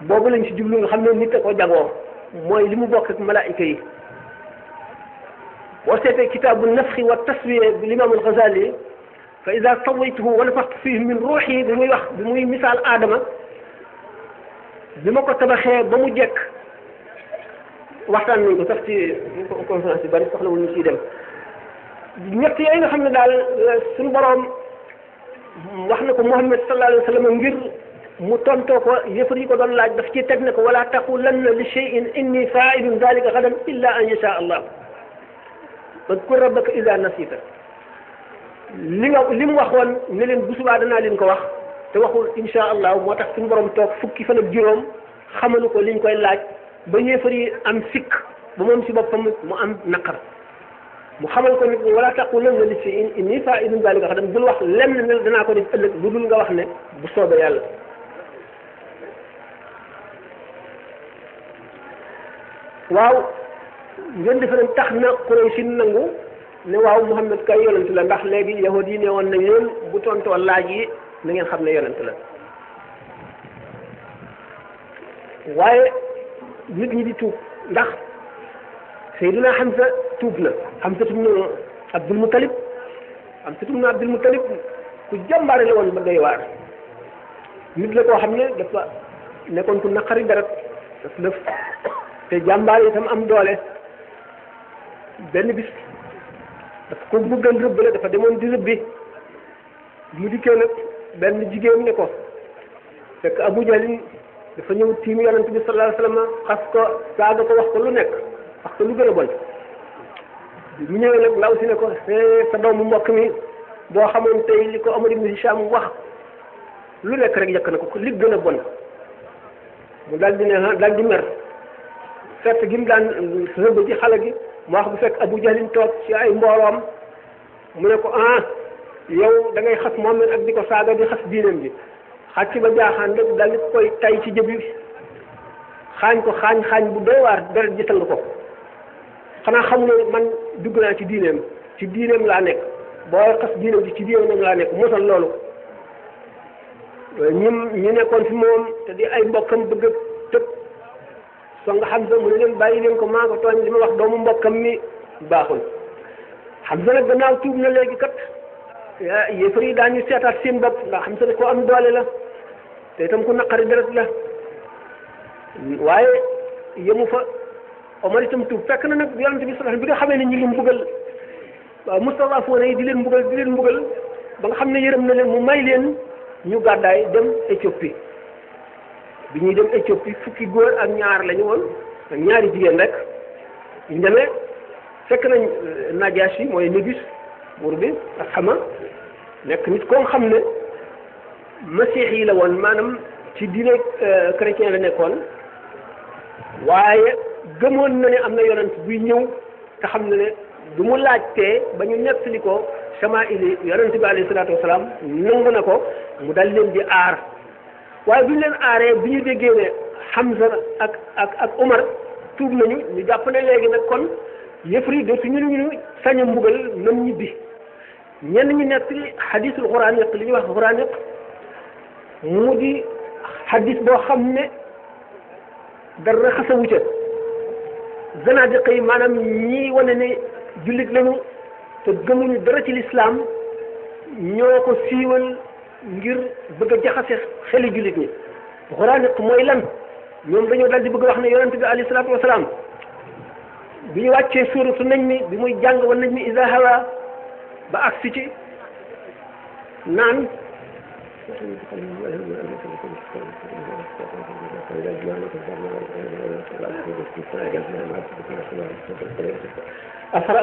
boobu ci jublu nga xam ne nit a ko jagoo mooy li mu bokk ak malaayika yi boo seetee kitaabu nafxi wa taswiye bi limaamul Xasaali fa ida sawaytuhu wa nafaxtu fihi min ruuxi bi muy wax bi muy misaal aadama bi ma ko tabaxee ba mu jekk waxtaan nañ ko sax ci conférence yi bari soxlawul ñu ciy dem ñett yooyu nga xam ne daal suñu boroom wax na ko Muhammad sallallahu alayhi wa sallam ngir mu tontoo ko yëfar yi ko doon laaj daf ciy teg ne ko wala taqulanna li shay'in inni fa'ilun dhalika ghadan illa an yasha allah wadkur rabbaka ida nasita li nga li mu waxoon ne leen bu subaa danaa leen ko wax te waxul insha allah moo tax suñu borom toog fukki fan ak juróom xamanu ko liñ koy laaj ba yéefar yi am sikk ba moom si boppam mu am naqar mu xamal ko nit wala taqulanna li si in inni faa'ilun zaalika xadan bul ne danaa ko def ëllëg lu dul nga wax ne bu soobee yàlla waaw ngeen defe tax na Quraysh nangu ne waaw Muhammad kay yonent la ndax léegi yahud yi ne woon nañ leen bu tontoo laaj yi na ngeen xam ne yonent la waaye nit ñi di tuub ndax Seydina Hamza tuub na Hamza tum na Abdul Muttalib Hamza tum na Abdul Muttalib ku jàmbaare la woon ba doy waar nit la koo xam ne dafa nekkoon ku naqari deret daf lëf te jàmbaare itam am doole benn bis dafa ko bëggoon rëbb dafa demoon di rëbbi mu dikkee nag benn jigéen ne ko fekk Abu Jalin dafa ñëw tiim yonent bi sallallahu alayhi xas ko saaga ko wax ko lu nekk wax ko lu gën a bon mu ñëwee nag la si ne ko eh, sa doomu mbokk mi boo xamoon tey li ko Amar ibn Hisham wax lu nekk rek yàq na ko li gën a bon mu daal di ne daal di mer fett gi mu daan rëbb ci xale gi moo wax bu fekk Abu Jahlin toog ci ay mbooloom mu ne ko ah yow da ngay xas Muhammad ak di ko saaga di xas diinam bi xaj ci ba jaaxaan rek dal di koy tay ci jëb yi xaañ ko xaañ xaañ bu doy waar deret ji tàng ko xanaa xamuloo man dugg naa ci diineem ci diineem laa nekk boo xas diineem ci ci diineem laa nekk mosal loolu ñim ñu nekkoon fi moom te di ay mbokkam bëgg song Hamza mu ne leen bàyyi leen ko maa ko tooñ li ma wax doomu mbokkam mi baaxul Hamza nag gannaaw tuub na léegi kat yéefar yi daañu seetaat seen bopp ndax Hamza ko am doole la te itam ku naqari deret la waaye yemu fa Omar itam tuub fekk na nag yonente bi sallallahu bi nga xamee ne ñu ngi mbugal waaw mustadafoona yi di leen mbugal di leen mbugal ba nga xam ne yërëm na leen mu may leen ñu gàddaay dem Éthiopie bi ñuy dem Éthiopie fukki góor ak ñaar lañu woon ak ñaari jigéen rek ñu fekk nañ euh, Najaasi mooy Négus buur bi ak xama nekk nit koo xam ne masiix yi la woon maanaam ci diine euh, chrétien la nekkoon waaye gëmoon na ne am na yonent buy ñëw te xam ne ne du mu laajtee ba ñu nettali ko sama ili yonent bi alayhi salaatu wasalaam nangu na ko mu dal leen di aar waaye bu ñu leen aaree bi ñu déggee ne Hamza ak ak ak Umar tuub nañu ñu jàpp ne léegi nag kon yëfri dootuñu ñu sañ a mbugal nam ñibbi ñenn ñu nekk xadisul xuraaniq li ñuy wax xuraaniq mu di xadis boo xam ne dara xasawu ca zanadiq yi maanaam ñii wane ne jullit lañu te gëmuñu dara ci lislaam ñoo ko siiwal ngir bëgg a xelu xeli jullit ñi xuraaniq mooy lan ñoom dañoo daal di bëgg wax ne yonente bi alayhi salaatu wasalaam bi ñu wàccee suuratu najmi bi muy jàng wa najmi iza hawa ba agsi ci naan asra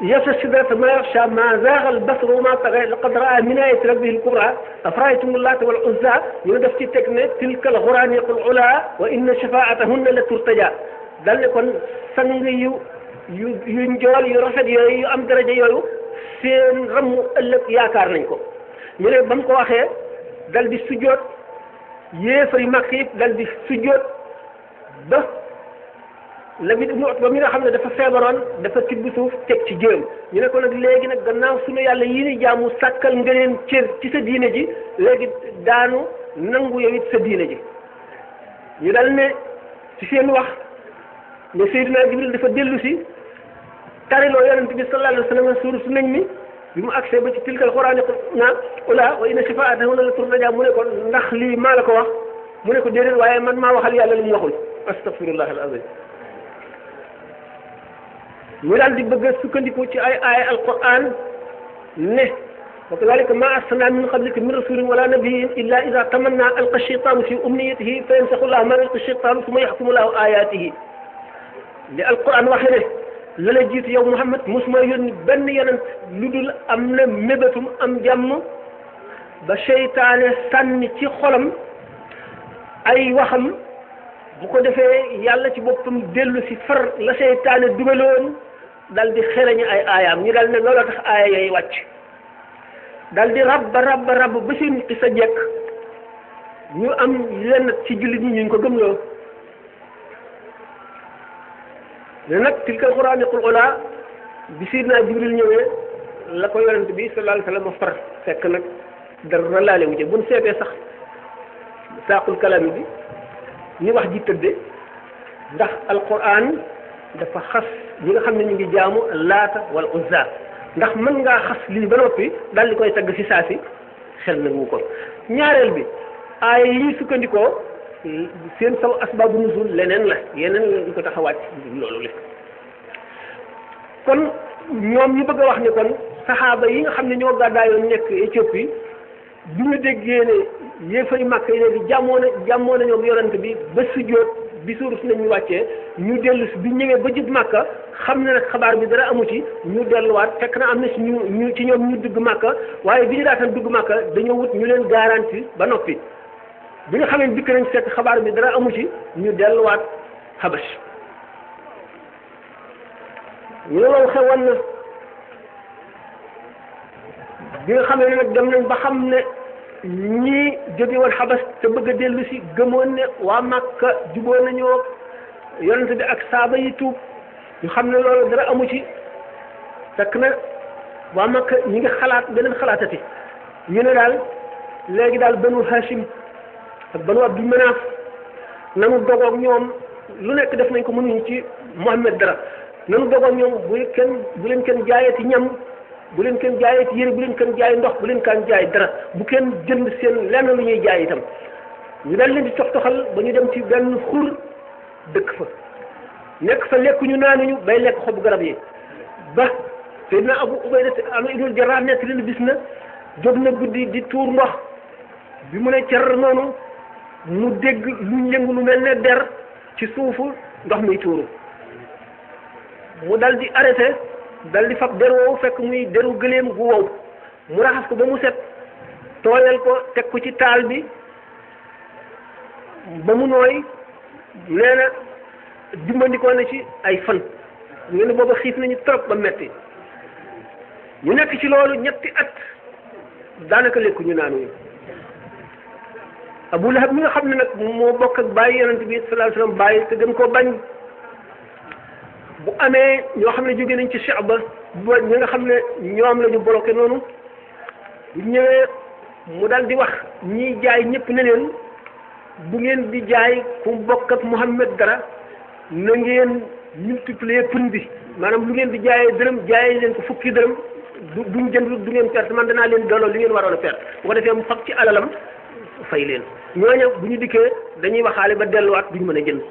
يستشهد ما يخشى ما زاغ البصر وما طغى لقد رأى من آية ربه الكبرى أفرأيتم اللات والعزى ñu def ci teg ne tilka alxuraaniqu alula wa inna shafaatahunna la turtaja dal ne kon sang yu yu yu njool yu rafet yooyu yu am daraja yooyu seen ramu ëllëg yaakaar nañ ko ñu ne ba mu ko waxee dal di sujjoot yéefar yu mag yi dal di sujjoot ba Labiid ibnu Utba mi nga xam ne dafa feebaroon dafa tibb suuf teg ci jëm ñu ne ko nag léegi nag gannaaw suñu yàlla yi ni jaamu sàkkal nga leen cër ci sa diine ji léegi daanu nangu yow it sa diine ji ñu dal ne ci seen wax ne Seydina Jibril dafa dellu si tariloo yonent bi sallallahu alayhi wa su nañ mi bi mu agsee ba ci tilkal xuraani na ola wa inna shifaatahu la turjaa mu ne ko ndax lii maa la ko wax mu ne ko déedéet waaye man maa waxal yàlla li mu waxul astaghfirullah al azim mu daal di bëgg a sukkandiku ci ay aaya alquran ne wa kadalika ma arsalna min qablika min rasulin wala nabiyin illa ida tamanna alqa sheytaanu fi umniyatihi fa yansaxu llahu ma yalqa sheytaanu suma yaxkumu llahu ayatihi li alquran waxe ne la la jiitu yow Muhammad mosuma yónni benn yonent lu dul am na mébétum am jàmm ba seytaane sànni ci xolam ay waxam bu ko defee yàlla ci boppam dellu si far la seytaane dugaloon dal di xereñu ay aayaam ñu dal ne looloo tax aaya yooyu wàcc dal di rab rab rab ba seen xisa jekk ñu am yenn ci jullit ñi ñu ko gëmloo ne nag tilkal quraan qul ula bi sidna jibril ñëwee la ko yonent bi sallallahu alayhi wa sallam far fekk nag dara laale wu ci buñ seetee sax saaqul kalami bi ñu wax ji tëdde ndax alquran dafa xas ñi nga xam ne ñu ngi jaamu laata wala uzza ndax mën ngaa xas lii ba noppi daal di koy tagg ci saa si xel nangu ko ñaareel bi aay yi sukkandikoo seen saw asbaabu nuzul leneen la yeneen la ñu ko tax a wàcc loolu la kon ñoom ñu bëgg a wax ni kon saxaaba yi nga xam ne ñoo gàddaayoon nekk Éthiopie bi ñu déggee ne yéefari Màkka yi léegi jàmmoo na jàmmoo na ñoom yonent bi ba sujjóot bi suuru si nañu wàccee ñu dellu si bi ñëwee ba jub màkka xam ne nag xabaar bi dara amu ci ñu delluwaat fekk na am na si ñu ñu ci ñoom ñu dugg màkka waaye bi ñu daataan dugg màkka dañoo wut ñu leen garanti ba noppi bi nga xamee dikk xabaar bi dara amu ci ñu delluwaat xabas ñu ne na bi ne nag dem nañ ba xam ne ñii jóge woon xabas te bëgg a dellu si gëmoon ne waa Makka juboo nañoo yonent bi ak saaba yi tuub ñu xam ne loolu dara amu ci fekk na waa Makka ñi ngi xalaat beneen xalaatati ñu ne daal léegi daal banu Hashim ak banu Abdu Manaaf nanu dogoog ñoom lu nekk def nañ ko mënuñu ci Muhammad dara nanu dogoog ñoom bu kenn bu leen kenn jaayati ñam bu leen kenn jaayee ci yére bu leen kenn jaay ndox bu leen kenn jaay dara bu kenn jënd seen lenn lu ñuy jaay itam ñu daal leen di tox toxal ba ñu dem ci benn xur fa nekk fa lekk ñu naanuñu lekk xobu garab yi ba Seydina Abu Ubayda am bis na jóg na guddi di tuur ndox bi mu ne car noonu mu dégg luñ yëngu lu mel ne der ci suufu ndox muy tuuru mu dal di dal di fab der woowu fekk muy deru gëléem gu wow mu raxas ko ba mu set tooyal ko teg ko ci taal bi ba mu nooy nee na dimbandikoo na ci ay fan ngeen booba xiif nañu trop ba metti ñu nekk ci loolu ñetti at daanaka lekku ñu naanuñu Abu Lahab mi nga xam ne nag moo bokk ak bàyyi yonent bi sallallahu alayhi wasallam bàyyi te gën koo bañ bu amee ñoo xam ne jóge nañ ci Chaba ba ñi nga xam ne ñoom la ñu bloqué noonu bu ñëwee mu dal di wax ñiy jaay ñëpp ne leen bu ngeen di jaay ku bokk ak Muhammad dara na ngeen multiplier prix bi maanaam lu ngeen di jaayee dërëm jaayee leen ko fukki dërëm du duñ jënd du ngeen perte man danaa leen delloo li ngeen waroon a perte bu ko defee mu fab ci alalam fay leen ñoo ñooñu bu ñu dikkee dañuy waxaale ba delluwaat ñu mën a jënd.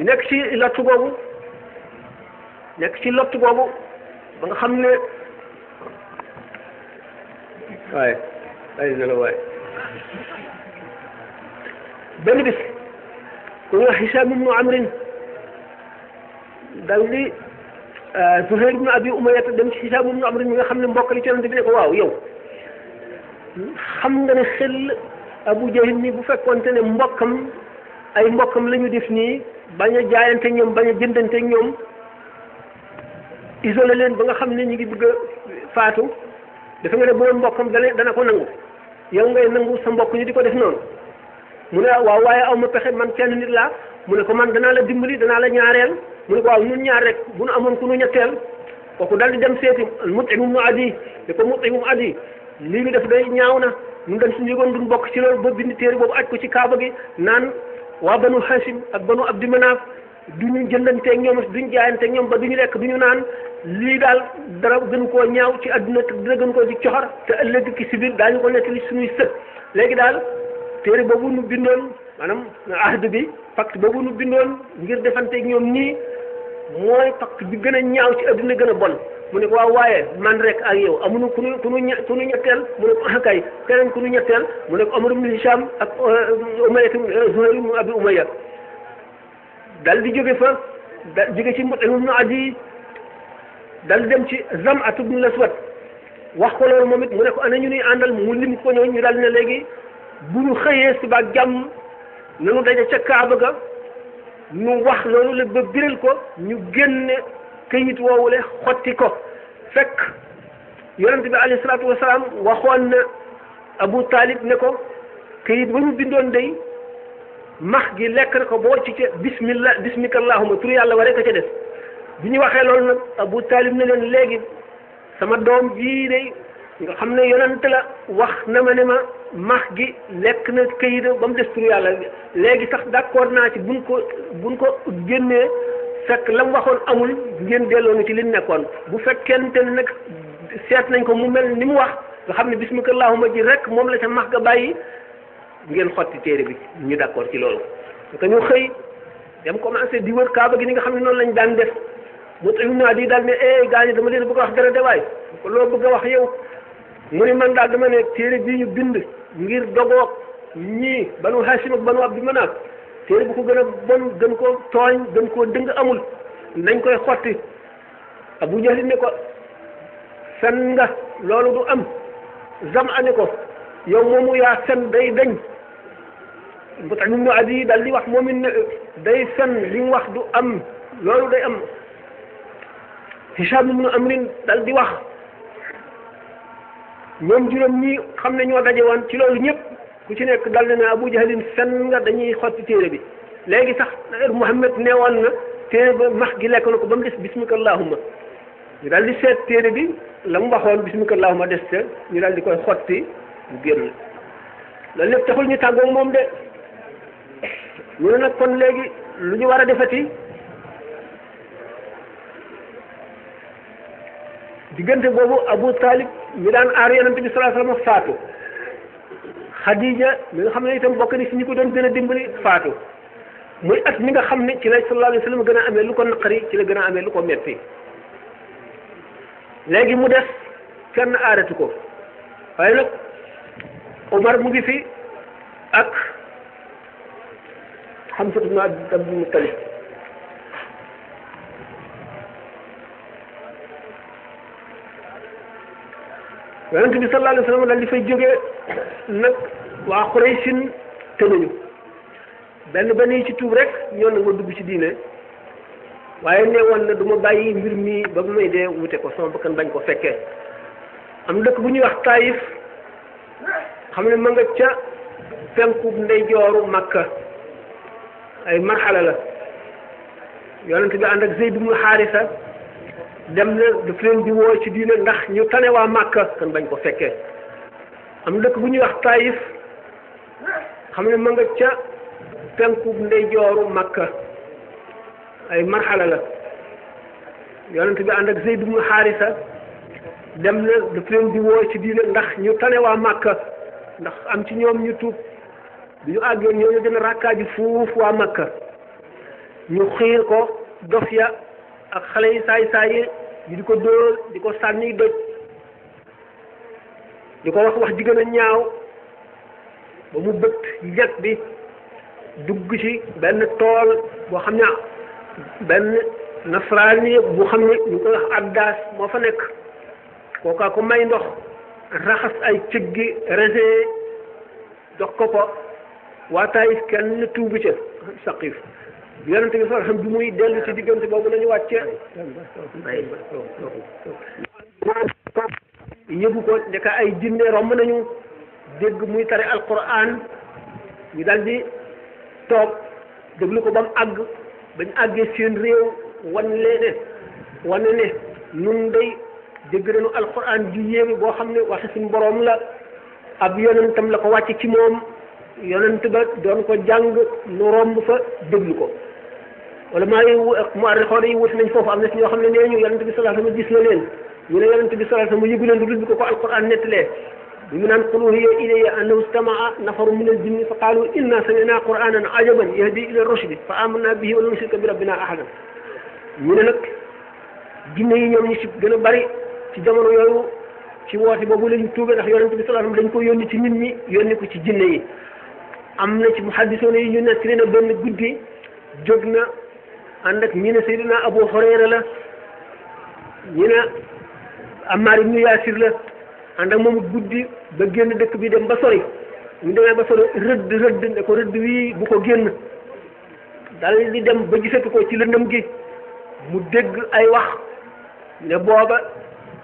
nekk ci lottu boobu nekk ci lottu boobu ba nga xam ne waaye ay nelaw benn bis ku nga Hisaam ibnu Amrin dal di euh, Zuhayr ibnu Abi Umayya dem ci Hisaam ibnu Amrin mi nga xam ne mbokk li ci yonent bi ne ko waaw yow xam nga ne xel Abu Jahil ni bu fekkonte ne mbokkam ay mbokkam lañu def nii bañ a ñoom bañ a jëndante ñoom isolé leen ba nga xam ne ñu ngi bëgg faatu dafa nga ne ba doon mbokkam dana dana ko nangu yow ngay nangu sa mbokk ñu di ko def noonu mu ne waaw waaye aw ma pexe man kenn nit laa mu ne ko man danaa la dimbali danaa la ñaareel mu ne ko waaw ñun ñaar rek bu nu amoon ku nu ñetteel kooku daal di dem seeti mutimum adi ne ko mutimum adi lii ñu def day ñaaw na ñun dañ suñu yëgoon duñ bokk ci loolu ba bind téere boobu aj ko ci kaaba gi naan waa banu xaasim ak banu abdi manaaf du ñu jëndanteeg ñoom du ñu jaayanteeg ñoom ba du ñu lekk du ñu naan lii daal dara gën koo ñaaw ci adduna te dara gën koo di coxar te ëllëg ki si biir daañu ko nettali suñuy sët léegi daal téere boobu nu bindoon maanaam ahd bi ba boobu nu bindoon ngir defanteeg ñoom nii mooy pacte bi gën a ñaaw ci adduna gën a bon mu ne ko waaw waaye man rek ak yow amuñu ku ñu ku ñu ku ñu ñetteel mu ne ko ah kay keneen ku ñu ñetteel mu ne ko Amr euh, euh, ibn Abi Umayya dal di jóge fa di jóge ci Mut'im ibn Adi dal dem ci Zam'at ibn Al-Aswad wax ko loolu moom it mu ne ko ana ñu ni àndal mu lim ko ñëw ñu dal ne léegi bu ñu xëyee suba jàmm nanu daje ca Kaaba ga ñu wax loolu la ba biral ko ñu génne. këyit woowule xotti ko fekk yonent bi alayhi salaatu wasalaam waxoon na Abu Taalib ne ko kayit ba mu bindoon day max gi lekk na ko boo ci ca bismillah bismika allahuma tur yàlla waree ko ca def bi ñu waxee lool nag Abu Taalib ne leen léegi sama doom jii day nga xam ne yonent la wax na ma ne ma max gi lekk na këyit ba mu des tur yàlla léegi sax d'accord naa ci buñ ko buñ ko génnee fekk la mu waxoon amul ngeen delloon ni ci li nekkoon bu fekkente ne nag seet nañ ko mu mel ni mu wax nga xam ne bismikallahuma ji rek moom la ca max ga bàyyi ngeen xotti téere bi ñu d'accord ci loolu te ñu xëy dem commencé di wër kaaba gi ni nga xam ne noonu lañu daan def mu tamit naa di daal ne eh, gaa ñi dama leen bëgg a wax dara de ko loolu bëgg a wax yow mu ne man daal dama ne téere bii ñu bind ngir dogoo ñii ba Hashim ak banu Abdu Manaaf téere bu ko gën a bon gën koo tooñ gën koo dëng amul nañ koy xotti Abu Jahl ne ko fen nga loolu du am zam ane ko yow moomu yaa fen day dañ Mut'im ibn Adiy daal di wax moom it ne day fen li wax du am loolu day am Hisham ibn Amrin daal di wax ñoom juróom ñi xam ne ñoo daje woon ci loolu ñëpp ku ci nekk dal na abu jahlin fen nga dañuy xotti téere bi léegi sax Muhammad neewoon na téere ba max gi lekk na ko ba mu des bismika allahumma ñu daal di seet téere bi la mu waxoon bismika allahumma des te ñu daal di koy xotti mu génn loolu lépp taxul ñu tàggoo moom de ñu ne nag kon léegi lu ñu war a defati diggante boobu Abu Talib mu daan aar yonent bi sallallahu alayhi wa Khadija mi nga xam ne itam bokk ni si ñu ko doon gën a dimbali faatu muy at mi nga xam ne ci la sallallahu alayhi gën a amee lu ko naqari ci la gën a amee lu ko metti léegi mu des kenn aaratu ko waaye nag Omar mu gi fi ak Hamza ibn Abdul Muttalib yonent bi sallallahu alayhi wa sallam daal di fay jógee nag waa Quraysin te nañu benn ba nii ci tuub rek ñoo na ma dugg ci diine waaye ne woon na du ma bàyyi mbir mii ba bu may dee wute ko sama bakkan bañ ko fekkee am dëkk bu ñuy wax Taayif xam ne ma nga ca penkub ndeyjooru Makka ay marxala la yonent bi ànd ak Zeyd ibnu dem na daf leen ci diine ndax ñu tane waa Makka kan bañ ko fekkee am dëkk bu ñuy wax Taayif xam ne ma nga ca penkub ndeyjooru makka ay marxala la yonent bi ànd ak Zeyd ibnu Xaarisa dem na daf leen di woo ci diine ndax ñu tane waa makka ndax am ci ñoom ñu tuub bi ñu àggee ñoo ñu gën a rakkaa ji waa makka ñu xiir ko dof ya ak xale yi saay saay yi di ko dóor di ko sànni doj di ko wax wax ji ñaaw ba mu bëtt jag bi dugg ci benn tool boo xam ne benn nasraani bu xam ne ñu koy wax addaas moo fa nekk kookaa ko may ndox raxas ay cëggi raisin jox ko ko waa Taayif kenn tuubu ca saqif yonente bi sax xam bi muy dellu ci diggante boobu la ñu wàcce yëgu ko ndeka ay jinne romb nañu dégg muy tare alquran ñu daal di toog déglu ko ba mu àgg bañ àggee seen réew wan leene wane ne nun day dégg nañu alquran ju yéeme boo xam ne waxe suñu boroom la ab yonentam la ko wàcc ci moom yonent ba doon ko jàng nu romb fa déglu ko wala maa yi mu arri xoone yi wuti nañ foofu am na si ñoo xam ne nee ñu yonent bi sallallahu alayhi wasallam gis na leen ñu ne yonent bi sallallahu alayhi yëgu leen du bi ko ko alquran nettalee mu naan qul uhiya ilayya annahu istama'a nafaru min al-jinni fa qaalu inna sami'na qur'anan ajaban yahdi ila rushdi fa amanna bihi wa lan nushrika bi rabbina ahadan ñu ne nag jinne yi ñoom ñu ci gën a bari ci jamono yooyu ci woote boobu lañu tuube ndax yonent bi sallallahu alayhi wasallam dañ ko yónni ci nit ñi yónni ko ci jinne yi am na ci muhaddisoon yi ñu nekk na benn guddi jóg na ànd ak ñi ne Seydina Abu Hurayra la ñi ne Ammaar ibnu Yaasir la ànd ak moom guddi ba génn dëkk bi dem ba sori ñu demee ba sori rëdd rëdd ne ko rëdd wii bu ko génn dal di dem ba gisatu ko ci lëndëm gi mu dégg ay wax ne booba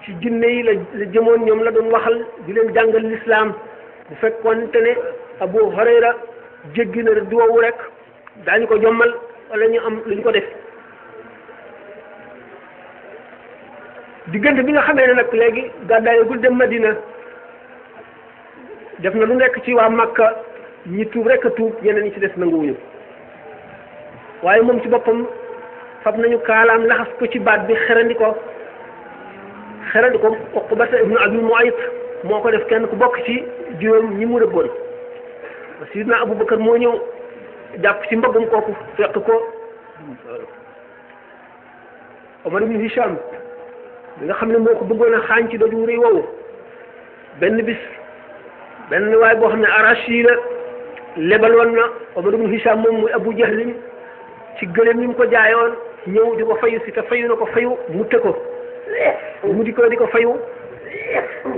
ci jinne yi la la jëmoon ñoom la doon waxal di leen jàngal lislaam bu fekkoon te ne Abu Hurayra jéggi na rëdd woowu rek daañu ko jommal walla ñu am lu ñu ko def diggante bi nga xamee na nag léegi gàddaayagul dem Madina def na lu nekk ci waa Makka ñi tuub rek a tuub ñeneen ñi ci des nanguwuñu waaye moom ci boppam fab nañu kaalaam laxas ko ci baat bi xerandi ko xerandi ko ba ibnu Abi Muayt moo ko def kenn ku bokk ci juróom ñi mu rëbboon sidna Abubakar moo ñëw jàpp ci mbaggam kooku fekk ko Omar ibnu Hisham li nga xam ne moo ko bëggoon a xaañ ci doj wu rëy woowu benn bis benn waay boo xam ne arashi la lebal woon na Omar ibn Hisham moom muy Abu Jahlin ci gëléem yi mu ko jaayoon ñëw di ko fayu si te fayu na ko fayu mu të ko mu di ko di ko fayu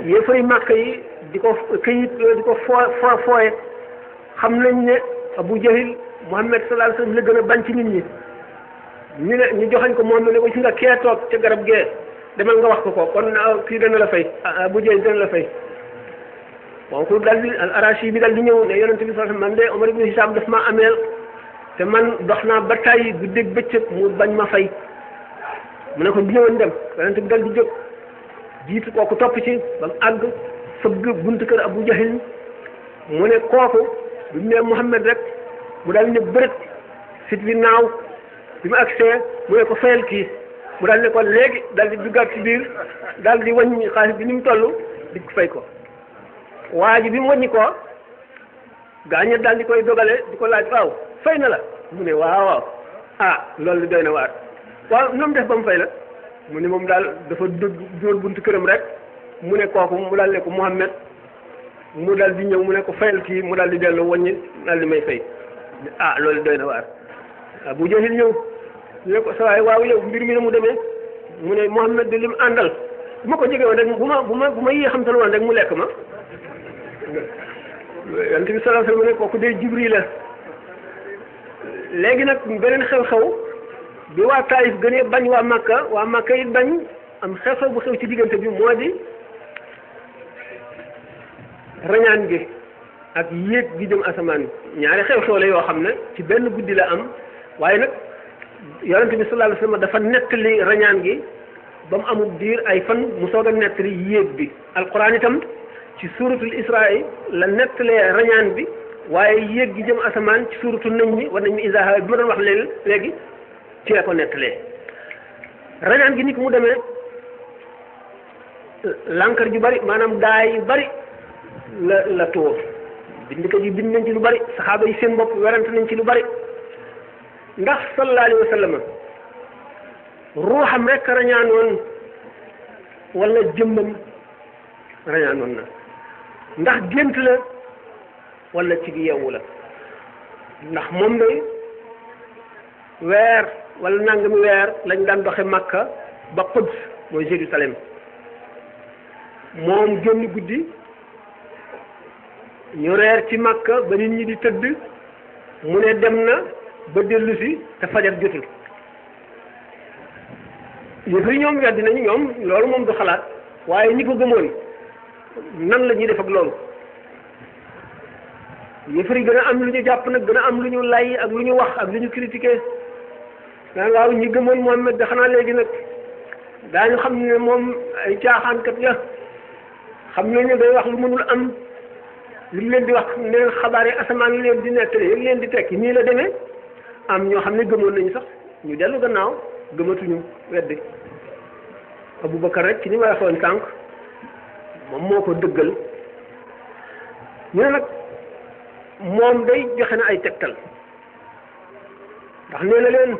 yéefari màkk yi di ko këyit di ko foo foo fooye xam nañ ne Abu Jahil Muhammad sallallahu alayhi wasallam la gën bañ ci nit ñi ñu ne ñu joxañ ko moom ne ko ci nga kee toog ca garab gee demal nga wax ko ko kon ah, kii dana la fay ah, ah, bu dana la fay kooku dal di al arashi bi dal di ñëw ne yonente bi sallallahu alayhi man de Omar ibn Hisham daf ma ameel te man dox naa ba tàyyi guddeeg bëccëg mu bañ ma fay mu ne ko ñëwoon jiitu kooku topp ci mu àgg fëgg buntu kër Abu mu ne kooku bi mu ne rek mu dal ne bërët sit bi naaw bi mu agsee mu ne ko fayal kii mu daal ne ko léegi daal di duggaat ci biir dal di wàññi xaalis bi ni mu toll di fay ko waa ji bi mu wàññi ko gaañu daal di koy dogale di ko laaj waaw fay na la mu ne waaw waaw ah loolu doy na waar waaw ñoom def ba mu fay la mu ne moom daal dafa dóor buntu këram rek mu ne kooku mu dal ne ko Mouhamed mu daal di ñëw mu ne ko fayal kii mu daal di dellu wàññi daal di may fay ah loolu doy na waar ah, bu jeexil ñëw. ne waaw yow mbir mi ne mu demee mu ne Mouhamed de lim àndal bu ma ma bu ma bu ma yéexamtal woon mu lekk ma yonent bi sallallahu alayhi wasallam la léegi nag beneen xew-xew bi waa Taïf gënee bañ waa Makka waa Makka it bañ am xew-xew bu xew ci diggante bi moo di rañaan gi ak yéeg gi jëm asamaan ñaari xew-xew la yoo xam ne ci benn guddi la am waaye nag yonente bi sallallahu alayhi wa sallam dafa nettali rañaan gi ba mu amul diir ay fan mu soog a nettali yéeg bi alquran itam ci suuratul israil la nettalee rañaan bi waaye yéeg gi jëm asamaan ci suuratul nañ mi war nañ mi isaaha ma doon wax leen léegi ci la ko nettalee rañaan gi ni mu demee lànkar ju bari maanaam daay yu bari la la tuur bindkat yi bind nañ ci lu bari saxaaba yi seen bopp werante nañ ci lu bari ndax sallallahu alayhi wa sallam ruuxam rek rañaan woon jëmmam rañaan na ndax gént la wala ci yeewu la ndax moom day weer wala nangami weer lañ daan doxe Makka ba Quds mooy Jérusalem moom génn guddi ñu reer ci Makka ba nit ñi di tëdd mu ne dem na de dellu si te fajar jotul yëfër ñoom weddi nañu ñoom loolu moom du xalaat waaye ñi ko gëmoon nan la ñuy def ak loolu yëfër yi gën a am lu ñu jàpp nag gën a am lu ñu lay ak lu ñu wax ak lu ñu critiqué daan waaw ñi gëmoon Muhammad da naa léegi nag daañu xam ne moom ay caaxaankat ya xam nañu day wax lu mënul am li mu leen di wax neen xabaar yi asamaan leen di nettali leen di tekki nii la demee am ñoo xam ne gëmoon nañu sax ñu dellu gannaaw gëmatuñu weddi Abubakar rek ci ni ma waxoon sànq moom moo ko dëggal ñu ne nag moom day joxe na ay tegtal ndax nee na leen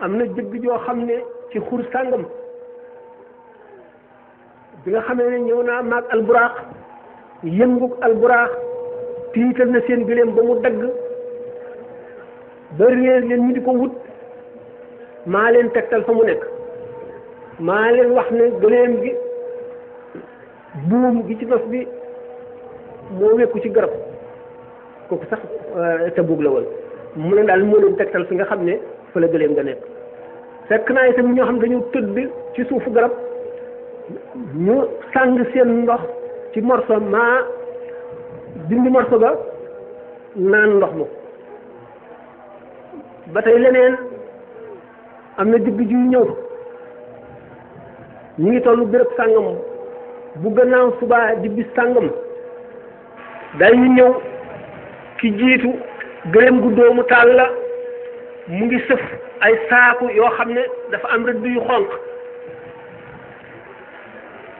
am na jëgg joo xam ne ci xur sàngam bi nga xamee ne ñëw naa maag alburaax yëngug alburaax tiital na seen bileem ba mu dagg bari leen ñu di ko wut maa leen tegtal fa mu nekk maa leen wax ne gëléem gi buum gi ci nos bi moo wekku ci garab kooku sax euh, te buug la woon mu ne daal moo leen tegtal fi nga xam ne fa la gëléem nga nekk fekk naa itam ñoo xam dañu tëdd ci suufu garab ñu sàng seen ndox ci morso maa dindi morso ba naan ndox mu ba tey leneen am na digg juy ñëw ñu ngi tollu béréb sàngam bu gannaaw subaa di bis sàngam dañu ñëw ki jiitu gërëm gu doomu taal la mu ngi sëf ay saaku yoo xam ne dafa am rëdd yu xonq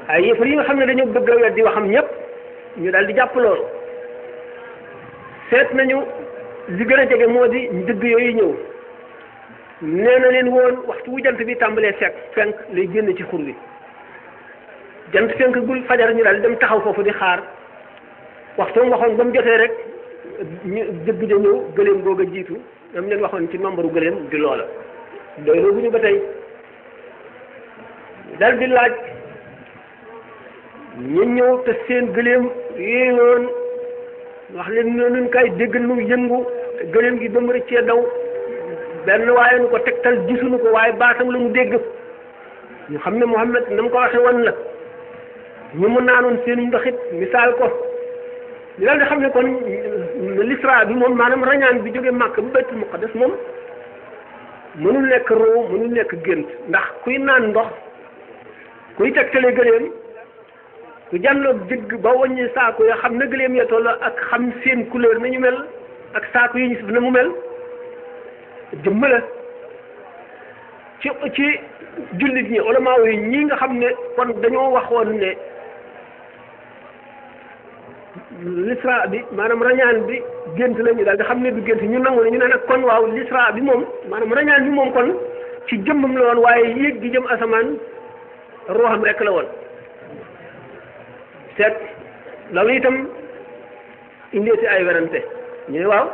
ay yëfar yi nga xam ne dañoo bëgg a weddi waxam ñépp ñu daal di jàpp seet nañu li gën a jege moo di dëgg yooyu ñëw nee na leen woon waxtu wu jant bi tàmbalee fekk fenk lay génn ci xur wi jant fenk gul fajar ñu daal dem taxaw foofu di xaar waxtu waxoon ba mu jotee rek ñu dëgg ja ñëw gëléem googu a jiitu dam leen waxoon ci nombre gëléem di loola doy loogu ba tey dal laaj ñu ñëw te seen gëléem yooyu woon wax leen ne nun kay dégg nu yëngu gëléem gi ba mu rëccee daw benn waaye nu ko tegtal gisuñu ko waaye baatam la mu dégg ñu xam ne Muhammad na mu ko waxe woon la ñu mu naanoon seen ndoxit misaal ko ñu daal xam ne kon l'isra bi moom maanaam rañaan bi jóge màkk bu baytul muqaddas moom mënul nekk roo mënul nekk gént ndax kuy naan ndox kuy tegtale gëléem ku jàlloog jëgg ba wàññi saako ya xam na gëléem ya toll ak xam seen couleur nañu mel ak saako yi ñu sif na mu mel jëmm la ci ci jullit ñi ulama yi ñii nga xam ne kon dañoo waxoon ne l'isra bi maanaam rañaan bi gént la ñu daal nga xam ne du gént ñu nangu ne ñu ne nag kon waaw l'isra bi moom maanaam rañaan bi moom kon ci jëmmam la waaye yéeg gi jëm asamaan ruuxam rek la woon seet loolu itam indee ay werante ñu ne waaw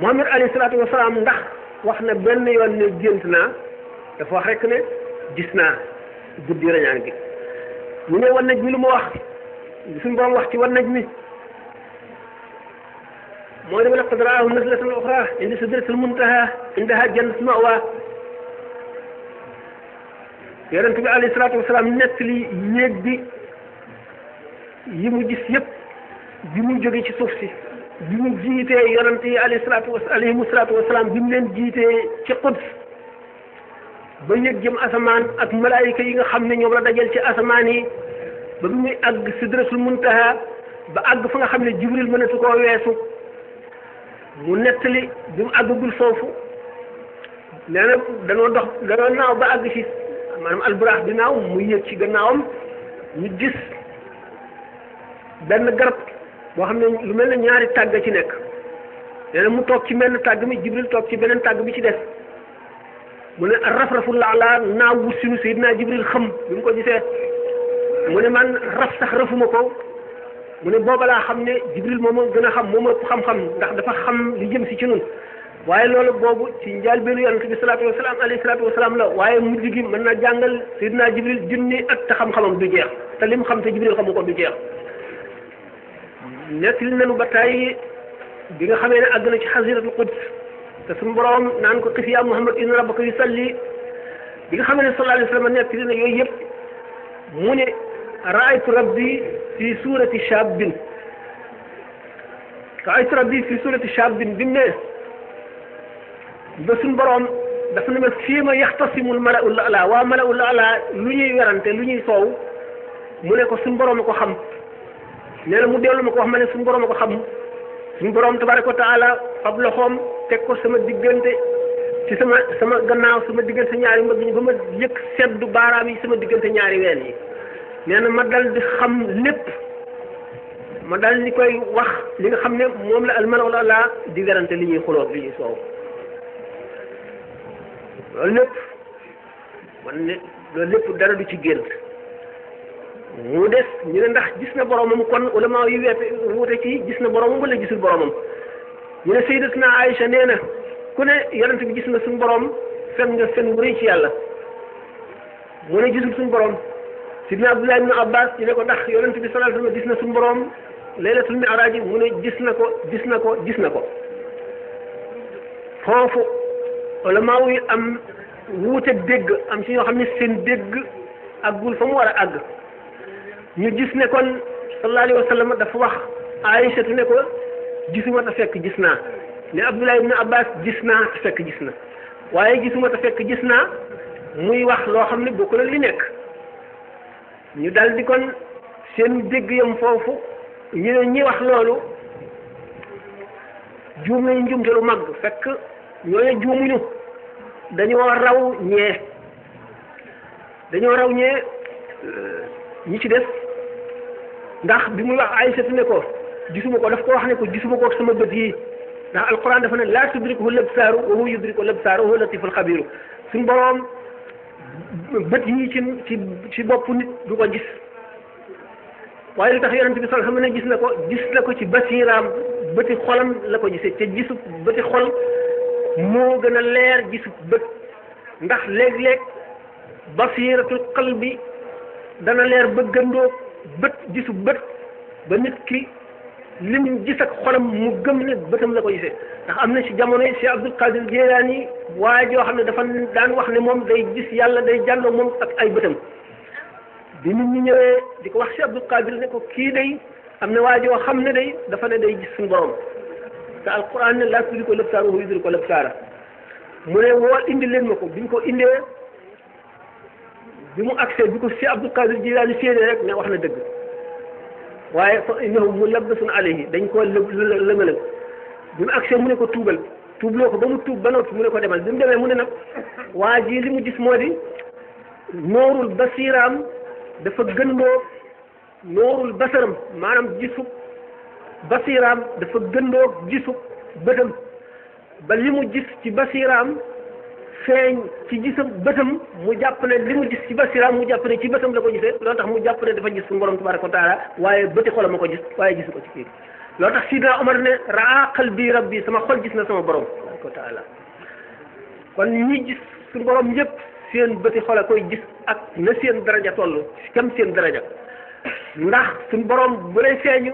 Muhammad alayhi salaatu wa salaam ndax wax na benn yoon gént naa dafa wax rek ne gis naa guddi rañaan gi ñu ne wan mi lu mu wax suñu borom wax ci wan mi moo ne laqad raahu nazlatan uxra inda sidratil muntaha bi alayhi salaatu wa salaam nett li néeg bi yi mu gis yëpp bi mu jóge ci suuf si bi mu jiitee yonante yi alayhi salaatu wa alayhimu salaatu wasalaam bi mu leen jiitee ci Quds ba yëg jëm asamaan ak malaayika yi nga xam ne ñoom la dajal ci asamaan yi ba bi muy àgg sidratul muntaha ba àgg fa nga xam ne jibril mënatu koo weesu mu nettali bi mu àggagul foofu nee na danoo dox danoo naaw ba àgg ci maanaam alburaax bi naaw mu yëg ci gannaawam ñu gis benn garab moo xam ne lu mel ne ñaari tàgg ci nekk nee na mu toog ci mel benn tàgg mi jibril toog ci beneen tàgg bi ci des mu ne raf-rafu laala naaw wut sinu sayidna jibril xam bi mu ko gisee mu ne man raf sax rafuma ko mu ne booba laa xam ne jibril moom a gën a xam moom ëpp xam-xam ndax dafa xam li jëm si ci nun waaye loolu boobu ci njaal benn yonent bi salaatu wasalaam alayhi salaatu wasalaam la waaye mujj gi mën naa jàngal sayidna jibril junni at te xam du jeex te lim xam te jibril xamu ko jeex nettali nañu ba tey bi nga xamee ne àgg na ci xasiratul quds te suñu borom naan ko xif yaa Muhammad inna rabbaka yusalli bi nga xamee ne sallallahu alayhi wa sallam nettali na yooyu yëpp mu ne raaytu rabbi fi suurati shaabin raaytu rabbi fi suurati shaabin bi mu ne ba suñu borom dafa ne ma fii ma yaxtasimul mala'ul a'la waa mala'ul a'la lu ñuy werante lu ñuy soow mu ne ko suñu borom a ko xam. nee na mu dellu ma ko wax ma ne suñu borom a ko xam suñu borom tabaraka wa taala fab loxoom teg ko sama diggante ci sama sama gannaaw sama diggante ñaari mbagg yi ba ma yëg seddu baaraam yi sama diggante ñaari ween yi nee na ma dal di xam lépp ma dal di koy wax li nga xam ne moom la almana wala laa di garante li ñuy xuloo li ñuy soow loolu lépp man ne loolu lépp dara du ci gént mu des ñu ne ndax gis na boromam kon ulama yu wet wuute ci gis na boromam wala gisul boromam ñu ne sayyidatuna Aïcha nee na ku ne yonent bi gis na suñu boroom fen nga fen bu rëy ci yàlla mu ne gisul suñu borom sidna Abdullah ibn Abbas ñu ne ko ndax yonent bi sallallahu alayhi gis na suñu borom laylatul mi'raj mu ne gis na ko gis na ko gis na ko foofu ulama yu am wuute dégg am ci ñoo xam ne seen dégg àggul fa mu war a àgg. ñu gis ne kon sallallahu alayhi wa dafa wax Aïchatu ne ko gisuma ta fekk gis naa ne Abdullah ibn Abbas gis naa ta fekk gis na waaye gisuma ta fekk gis naa muy wax loo xam ne bokkul ak li nekk ñu dal kon seen dégg yam foofu ñu ne wax loolu juum nañu njumte lu mag fekk ñooñu juumuñu dañoo raw ñee dañoo raw ñee euh, ñi ci des ndax bi muy wax Aysatu ne ko gisuma ko daf ko wax ne ko gisuma ko sama bët yi ndax alquran dafa ne laa tudrikuhu labsaaru wa huwa yudriku labsaar wa huwa latiful xabiru suñ boroom bët yi ci ci bopp nit du ko gis waaye lu tax yonente bi sallallahu alayhi ne gis na ko gis na ko ci basiraam bëti xolam la ko gisee te gisub bëti xol moo gën a leer gisub bët ndax léeg-léeg basiratul qalbi dana leer gëndoo bët gisu bët ba nit ki lim gis ak xolam mu gëm ne bëtam la ko gisee ndax am na ci jamono yi Cheikh Abdul Qadir Jilaani waa joo xam ne dafa daan wax ne moom day gis yàlla day jàlloo moom ak ay bëtam bi nit ñi ñëwee di ko wax Cheikh Abdul ne ko kii day am na waa joo xam ne day dafa ne day gis suñu borom te alquran ne laa tudri ko lëbsaaru hu yudri ko mu ne woo indi leen ma ko bi ko indee bi mu agsee bi ko si Abdul Qadir Jilaani séenee rek ne wax na dëgg waaye fa innahu mulabbasun alayhi dañ koo lëmalëg bi mu agsee mu ne ko tuubal tuubloo ko ba mu tuub ba noppi mu ne ko demal bi mu demee mu ne nag waa ji li mu gis moo di noorul basiraam dafa gëndoo noorul basaram maanaam gisub basiraam dafa gëndoo gisub bëtam ba li mu gis ci basiraam feeñ ci gisam bëtam mu jàpp ne li mu gis ci basiraam mu jàpp ne ci bëtam la ko gisee loo tax mu jàpp ne dafa gis suñu borom tabaraka wa taala waaye bëti xolam ma ko gis waaye gisu ko ci kii loolu tax sidna omar ne raa rab rabbi sama xol gis na sama borom tabaraka wa kon ñi gis suñu borom yëpp seen bëti xol a koy gis ak na seen daraja toll kam seen daraja ndax suñu borom bu lay feeñu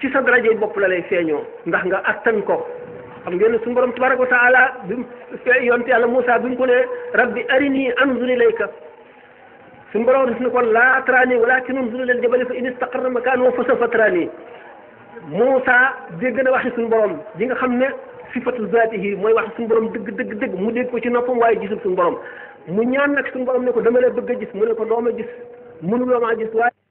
ci sa daraja bopp la lay feeñoo ndax nga attan ko xam ngeen ne suñu borom tabaraka wa taala bi mu yonte yàlla Moussa bi mu ko ne rabbi arini anzur ilayka suñu borom def na ko laa taraani walakin unzur ilal jabali fa in istaqarra makaanahu fa sawfa taraani Moussa dégg na waxi suñu borom di nga xam ne sifatu zaatihi mooy wax suñu borom dëgg dëgg dëgg mu dégg ko ci noppam waaye gisul suñu borom mu ñaan nag suñu borom ne ko dama la bëgg a gis mu ne ko doo ma gis mënuloo maa gis waaye